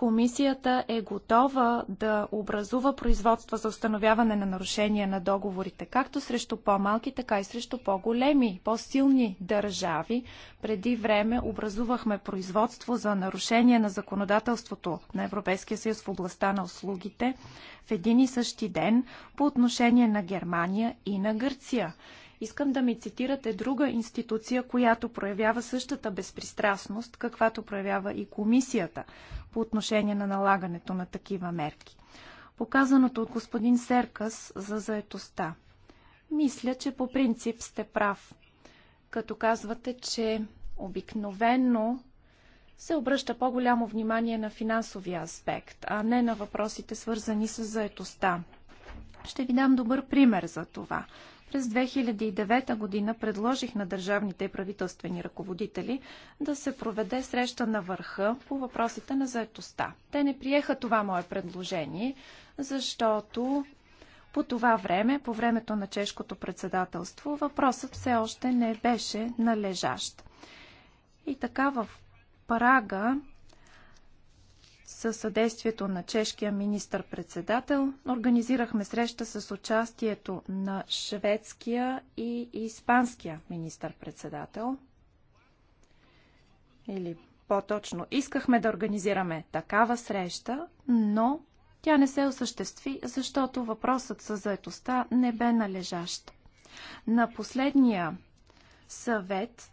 Комисията е готова да образува производства за установяване на нарушения на договорите, както срещу по-малки, така и срещу по-големи, по-силни държави. Преди време образувахме производство за нарушение на законодателството на Европейския съюз в областта на услугите в един и същи ден по отношение на Германия и на Гърция. Искам да ми цитирате друга институция, която проявява същата безпристрастност, каквато проявява и комисията по отношение на налагането на такива мерки. Показаното от господин Серкас за заетостта. Мисля, че по принцип сте прав, като казвате, че обикновенно се обръща по-голямо внимание на финансовия аспект, а не на въпросите свързани с заетостта. Ще ви дам добър пример за това. През 2009 година предложих на държавните и правителствени ръководители да се проведе среща на върха по въпросите на заетостта. Те не приеха това мое предложение, защото по това време, по времето на чешкото председателство, въпросът все още не беше належащ. И така в Прага със съдействието на чешкия министър-председател организирахме среща с участието на шведския и испанския министър-председател. Или по-точно, искахме да организираме такава среща, но тя не се осъществи, защото въпросът със заетостта не бе належащ. На последния съвет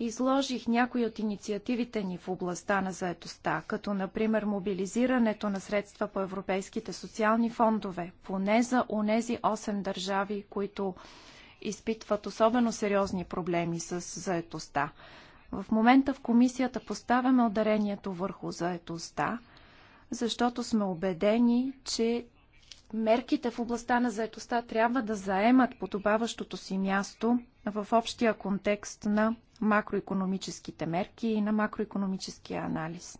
изложих някои от инициативите ни в областта на заетостта, като например мобилизирането на средства по европейските социални фондове, поне за онези 8 държави, които изпитват особено сериозни проблеми с заетостта. В момента в комисията поставяме ударението върху заетостта, защото сме убедени, че мерките в областта на заетостта трябва да заемат подобаващото си място в общия контекст на макроекономическите мерки и на макроекономическия анализ.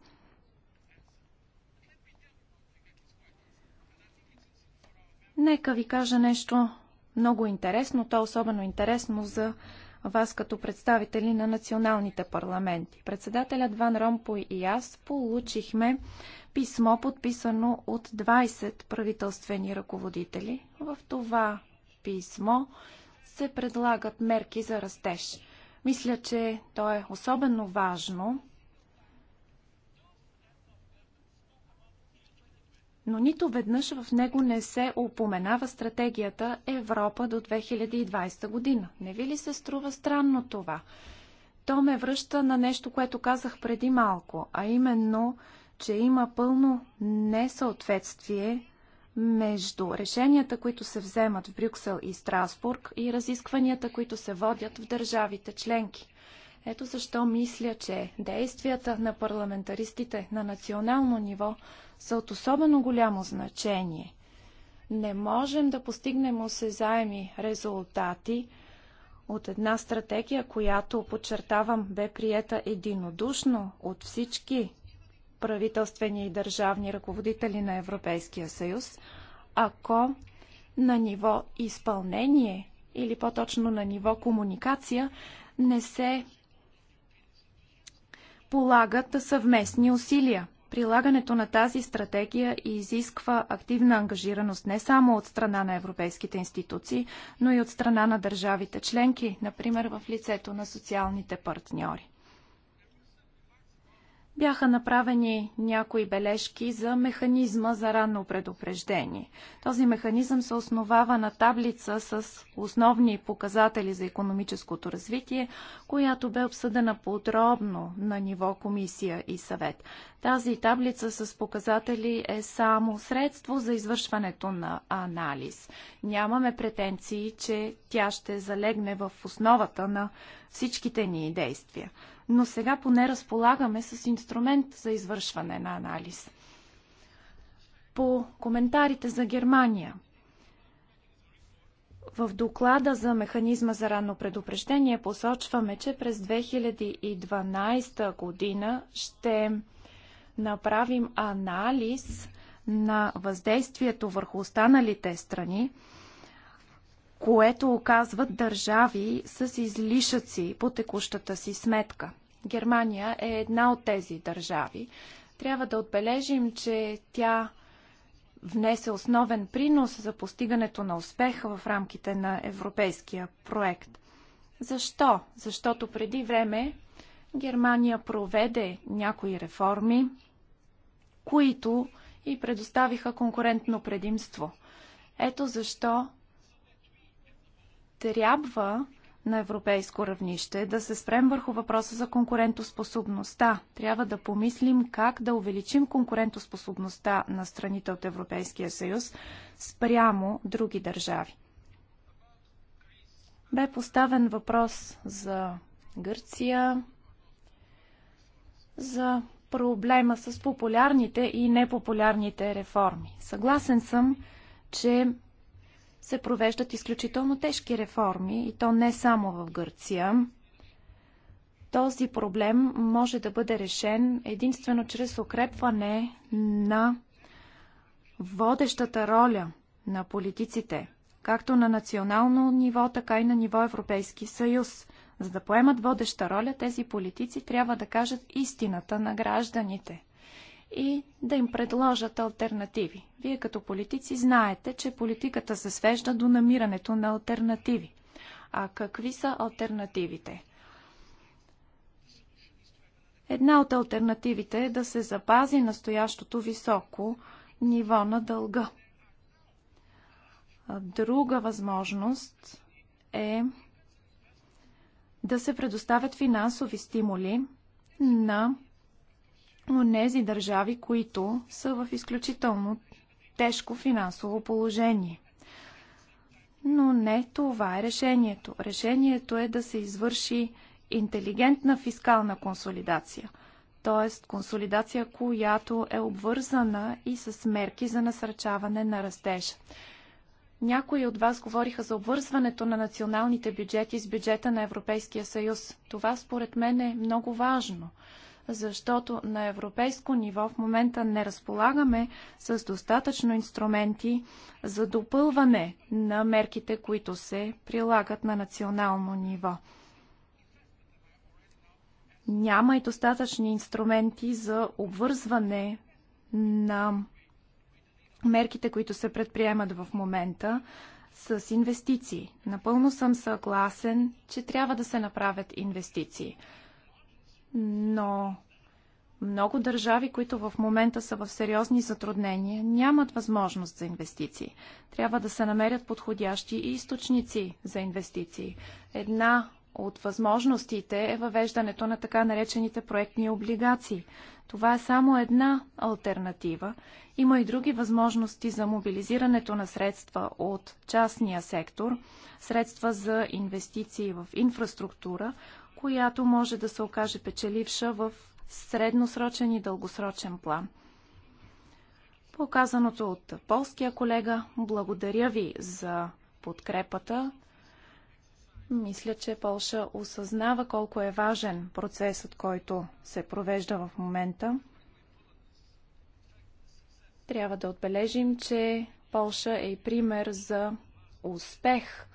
Нека ви кажа нещо много интересно, то е особено интересно за вас като представители на националните парламенти. Председателят Ван Ромпой и аз получихме писмо, подписано от 20 правителствени ръководители. В това писмо се предлагат мерки за растеж. Мисля, че то е особено важно, но нито веднъж в него не се упоменава стратегията Европа до 2020 година. Не ви ли се струва странно това? То ме връща на нещо, което казах преди малко, а именно че има пълно несъответствие между решенията, които се вземат в Брюксел и Страсбург и разискванията, които се водят в държавите членки. Ето защо мисля, че действията на парламентаристите на национално ниво са от особено голямо значение. Не можем да постигнем осезаеми резултати от една стратегия, която, подчертавам, бе приета единодушно от всички правителствени и държавни ръководители на Европейския съюз, ако на ниво изпълнение или по-точно на ниво комуникация не се полагат съвместни усилия. Прилагането на тази стратегия изисква активна ангажираност не само от страна на европейските институции, но и от страна на държавите членки, например в лицето на социалните партньори. Бяха направени някои бележки за механизма за ранно предупреждение. Този механизъм се основава на таблица с основни показатели за економическото развитие, която бе обсъдена подробно на ниво комисия и съвет. Тази таблица с показатели е само средство за извършването на анализ. Нямаме претенции, че тя ще залегне в основата на всичките ни действия но сега поне разполагаме с инструмент за извършване на анализ. По коментарите за Германия. В доклада за механизма за ранно предупреждение посочваме, че през 2012 година ще направим анализ на въздействието върху останалите страни което оказват държави с излишъци по текущата си сметка. Германия е една от тези държави. Трябва да отбележим, че тя внесе основен принос за постигането на успеха в рамките на европейския проект. Защо? Защото преди време Германия проведе някои реформи, които и предоставиха конкурентно предимство. Ето защо трябва на европейско равнище да се спрем върху въпроса за конкурентоспособността. Трябва да помислим как да увеличим конкурентоспособността на страните от Европейския съюз спрямо други държави. Бе поставен въпрос за Гърция, за проблема с популярните и непопулярните реформи. Съгласен съм, че се провеждат изключително тежки реформи и то не само в Гърция. Този проблем може да бъде решен единствено чрез укрепване на водещата роля на политиците, както на национално ниво, така и на ниво Европейски съюз. За да поемат водеща роля, тези политици трябва да кажат истината на гражданите и да им предложат альтернативи. Вие като политици знаете, че политиката се свежда до намирането на альтернативи. А какви са альтернативите? Една от альтернативите е да се запази настоящото високо ниво на дълга. Друга възможност е да се предоставят финансови стимули на онези държави, които са в изключително тежко финансово положение. Но не това е решението. Решението е да се извърши интелигентна фискална консолидация, т.е. консолидация, която е обвързана и с мерки за насърчаване на растеж. Някои от вас говориха за обвързването на националните бюджети с бюджета на Европейския съюз. Това според мен е много важно – защото на европейско ниво в момента не разполагаме с достатъчно инструменти за допълване на мерките, които се прилагат на национално ниво. Няма и достатъчни инструменти за обвързване на мерките, които се предприемат в момента с инвестиции. Напълно съм съгласен, че трябва да се направят инвестиции но много държави, които в момента са в сериозни затруднения, нямат възможност за инвестиции. Трябва да се намерят подходящи и източници за инвестиции. Една от възможностите е въвеждането на така наречените проектни облигации. Това е само една альтернатива. Има и други възможности за мобилизирането на средства от частния сектор, средства за инвестиции в инфраструктура, която може да се окаже печеливша в средносрочен и дългосрочен план. Показаното от полския колега, благодаря ви за подкрепата. Мисля, че Полша осъзнава колко е важен процесът, който се провежда в момента. Трябва да отбележим, че Полша е и пример за успех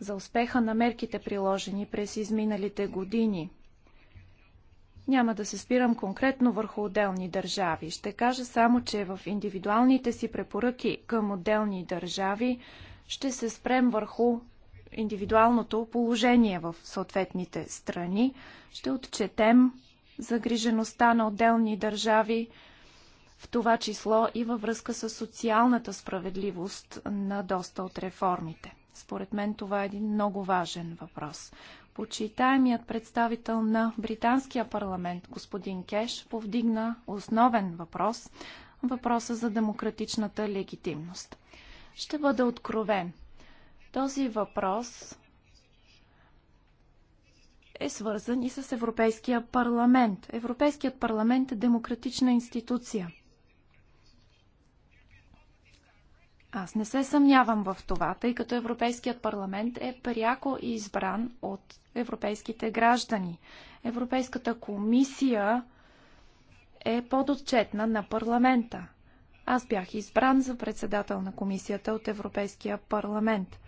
за успеха на мерките приложени през изминалите години. Няма да се спирам конкретно върху отделни държави. Ще кажа само, че в индивидуалните си препоръки към отделни държави ще се спрем върху индивидуалното положение в съответните страни. Ще отчетем загрижеността на отделни държави, в това число и във връзка с социалната справедливост на доста от реформите. Според мен това е един много важен въпрос. Почитаемият представител на британския парламент, господин Кеш, повдигна основен въпрос – въпроса за демократичната легитимност. Ще бъда откровен. Този въпрос е свързан и с Европейския парламент. Европейският парламент е демократична институция – Аз не се съмнявам в това, тъй като Европейският парламент е пряко избран от европейските граждани. Европейската комисия е подотчетна на парламента. Аз бях избран за председател на комисията от Европейския парламент.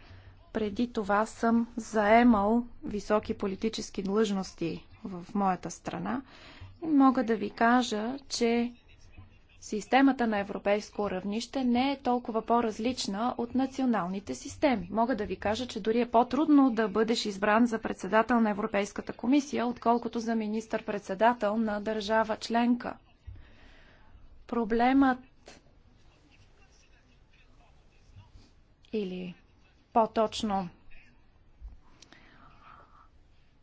Преди това съм заемал високи политически длъжности в моята страна. Мога да ви кажа, че Системата на европейско равнище не е толкова по-различна от националните системи. Мога да ви кажа, че дори е по-трудно да бъдеш избран за председател на Европейската комисия, отколкото за министър-председател на държава членка. Проблемът или по-точно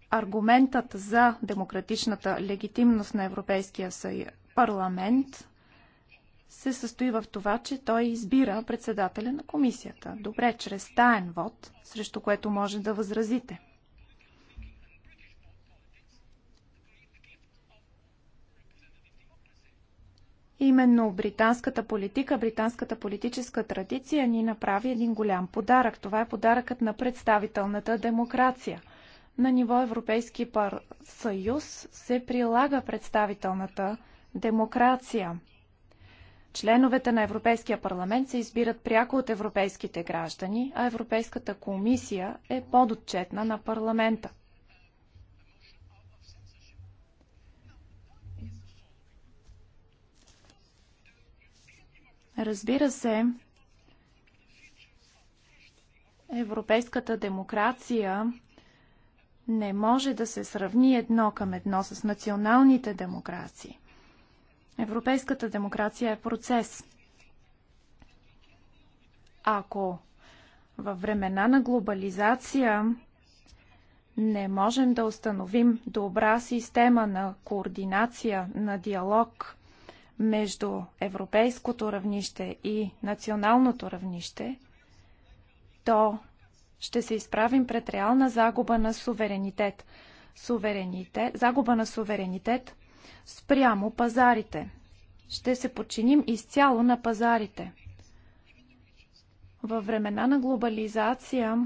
аргументът за демократичната легитимност на Европейския парламент се състои в това, че той избира председателя на комисията. Добре, чрез таен вод, срещу което може да възразите. Именно британската политика, британската политическа традиция ни направи един голям подарък. Това е подаръкът на представителната демокрация. На ниво Европейски съюз се прилага представителната демокрация. Членовете на Европейския парламент се избират пряко от европейските граждани, а Европейската комисия е подотчетна на парламента. Разбира се, европейската демокрация не може да се сравни едно към едно с националните демокрации. Европейската демокрация е процес. Ако във времена на глобализация не можем да установим добра система на координация, на диалог между европейското равнище и националното равнище, то ще се изправим пред реална загуба на суверенитет. суверенитет загуба на суверенитет, спрямо пазарите. Ще се подчиним изцяло на пазарите. Във времена на глобализация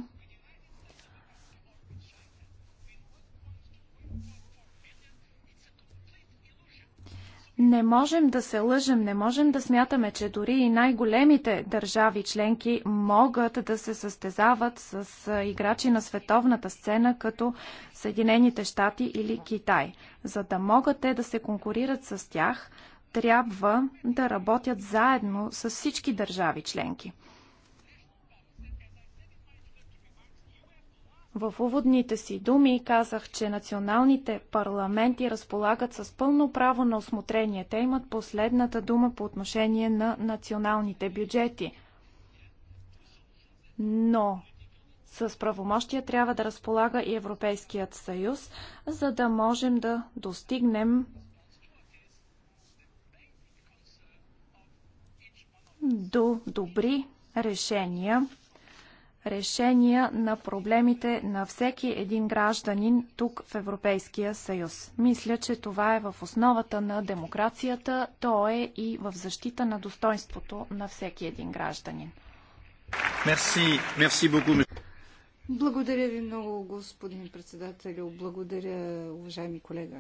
Не можем да се лъжем, не можем да смятаме, че дори и най-големите държави членки могат да се състезават с играчи на световната сцена, като Съединените щати или Китай. За да могат те да се конкурират с тях, трябва да работят заедно с всички държави членки. В уводните си думи казах, че националните парламенти разполагат с пълно право на осмотрение. Те имат последната дума по отношение на националните бюджети. Но с правомощия трябва да разполага и Европейският съюз, за да можем да достигнем до добри решения решения на проблемите на всеки един гражданин тук в Европейския съюз. Мисля, че това е в основата на демокрацията, то е и в защита на достоинството на всеки един гражданин. Merci мерси Благодаря ви много, господин председател, Благодаря, уважаеми колега.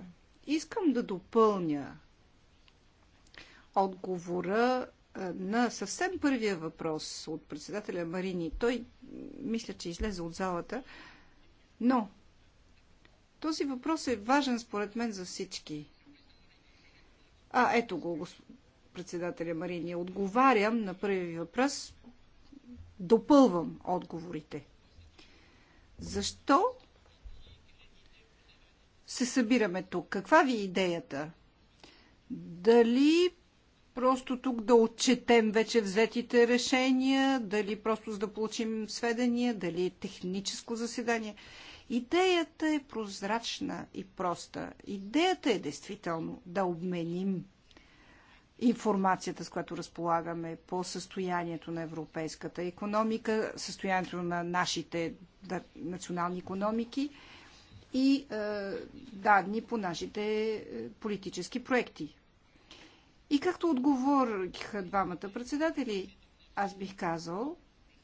Искам да допълня отговора на съвсем първия въпрос от председателя Марини, той мисля, че излезе от залата, но този въпрос е важен според мен за всички. А, ето го, председателя Марини. Отговарям на първия въпрос. Допълвам отговорите. Защо се събираме тук? Каква ви е идеята? Дали просто тук да отчетем вече взетите решения, дали просто за да получим сведения, дали е техническо заседание. Идеята е прозрачна и проста. Идеята е действително да обменим информацията, с която разполагаме по състоянието на европейската економика, състоянието на нашите национални економики и е, данни по нашите е, политически проекти. И както отговориха двамата председатели, аз бих казал,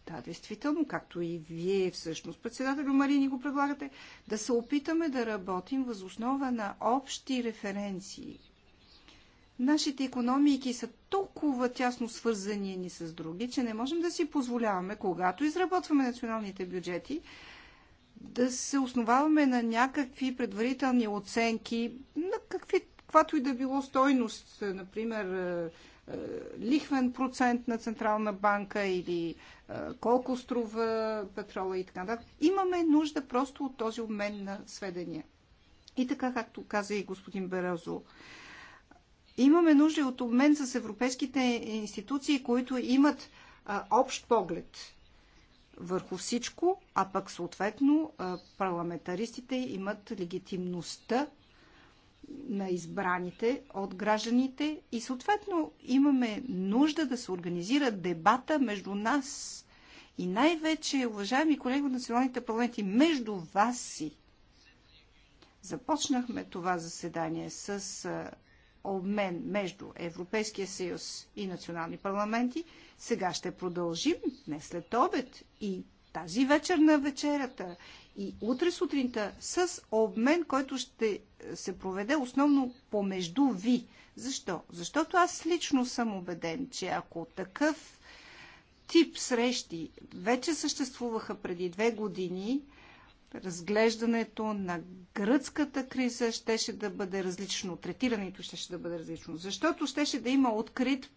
да, действително, както и вие всъщност, председателю Марини го предлагате, да се опитаме да работим възоснова на общи референции. Нашите економики са толкова тясно свързани ни с други, че не можем да си позволяваме, когато изработваме националните бюджети, да се основаваме на някакви предварителни оценки, на какви каквато и да било стойност, е, например е, е, лихвен процент на Централна банка или колко струва петрола и така нататък. Имаме нужда просто от този обмен на сведения. И така, както каза и господин Березо, имаме нужда от обмен с европейските институции, които имат общ поглед върху всичко, а пък съответно парламентаристите имат легитимността на избраните от гражданите и съответно имаме нужда да се организира дебата между нас и най-вече, уважаеми колеги от националните парламенти, между вас си. Започнахме това заседание с обмен между Европейския съюз и национални парламенти. Сега ще продължим днес след обед и тази вечер на вечерата и утре сутринта с обмен, който ще се проведе основно помежду ви. Защо? Защото аз лично съм убеден, че ако такъв тип срещи вече съществуваха преди две години, разглеждането на гръцката криза щеше да бъде различно, третирането щеше да бъде различно, защото щеше да има открит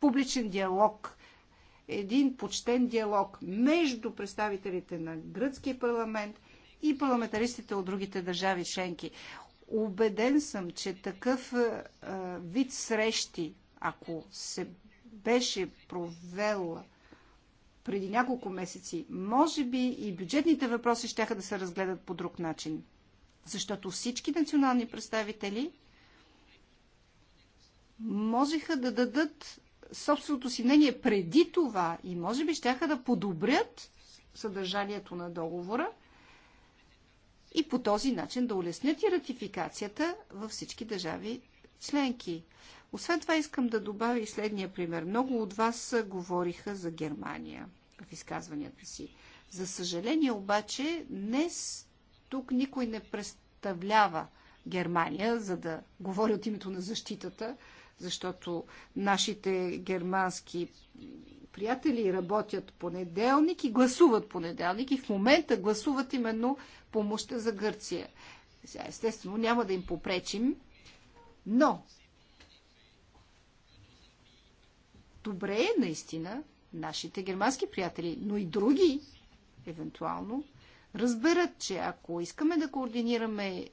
публичен диалог един почтен диалог между представителите на гръцкия парламент и парламентаристите от другите държави членки. Убеден съм, че такъв а, вид срещи, ако се беше провел преди няколко месеци, може би и бюджетните въпроси ще да се разгледат по друг начин. Защото всички национални представители можеха да дадат собственото си мнение преди това и може би щяха да подобрят съдържанието на договора и по този начин да улеснят и ратификацията във всички държави членки. Освен това искам да добавя и следния пример. Много от вас говориха за Германия в изказванията си. За съжаление обаче, днес тук никой не представлява Германия, за да говори от името на защитата защото нашите германски приятели работят понеделник и гласуват понеделник и в момента гласуват именно помощта за Гърция. Сега, естествено, няма да им попречим, но добре е наистина нашите германски приятели, но и други, евентуално, разберат, че ако искаме да координираме е,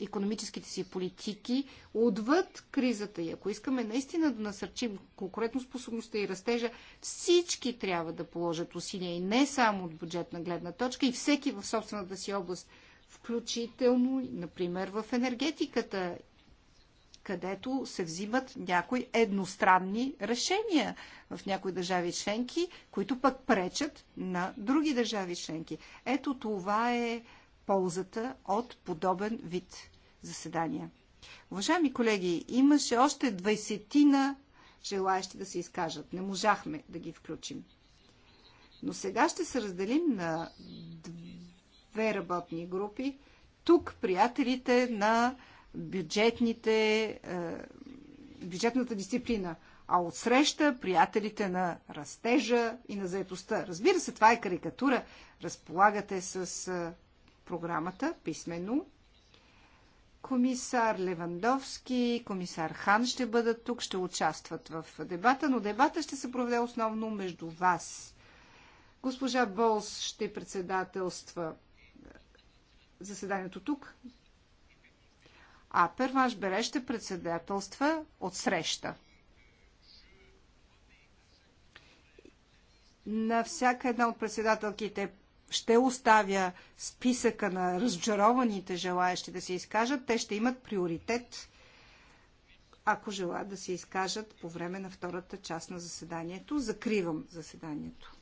економическите си политики отвъд кризата. И ако искаме наистина да насърчим конкурентоспособността и растежа, всички трябва да положат усилия и не само от бюджетна гледна точка, и всеки в собствената си област, включително, например, в енергетиката, където се взимат някои едностранни решения в някои държави членки, които пък пречат на други държави членки. Ето това е ползата от подобен вид заседания. Уважаеми колеги, имаше още 20 на желаящи да се изкажат. Не можахме да ги включим. Но сега ще се разделим на две работни групи. Тук приятелите на бюджетните, е, бюджетната дисциплина, а отсреща приятелите на растежа и на заетостта. Разбира се, това е карикатура. Разполагате с е, програмата писменно. Комисар Левандовски, комисар Хан ще бъдат тук, ще участват в дебата, но дебата ще се проведе основно между вас. Госпожа Болс ще председателства заседанието тук, а Перваш Бере ще председателства от среща. На всяка една от председателките ще оставя списъка на разочарованите желаящи да се изкажат. Те ще имат приоритет, ако желаят да се изкажат по време на втората част на заседанието. Закривам заседанието.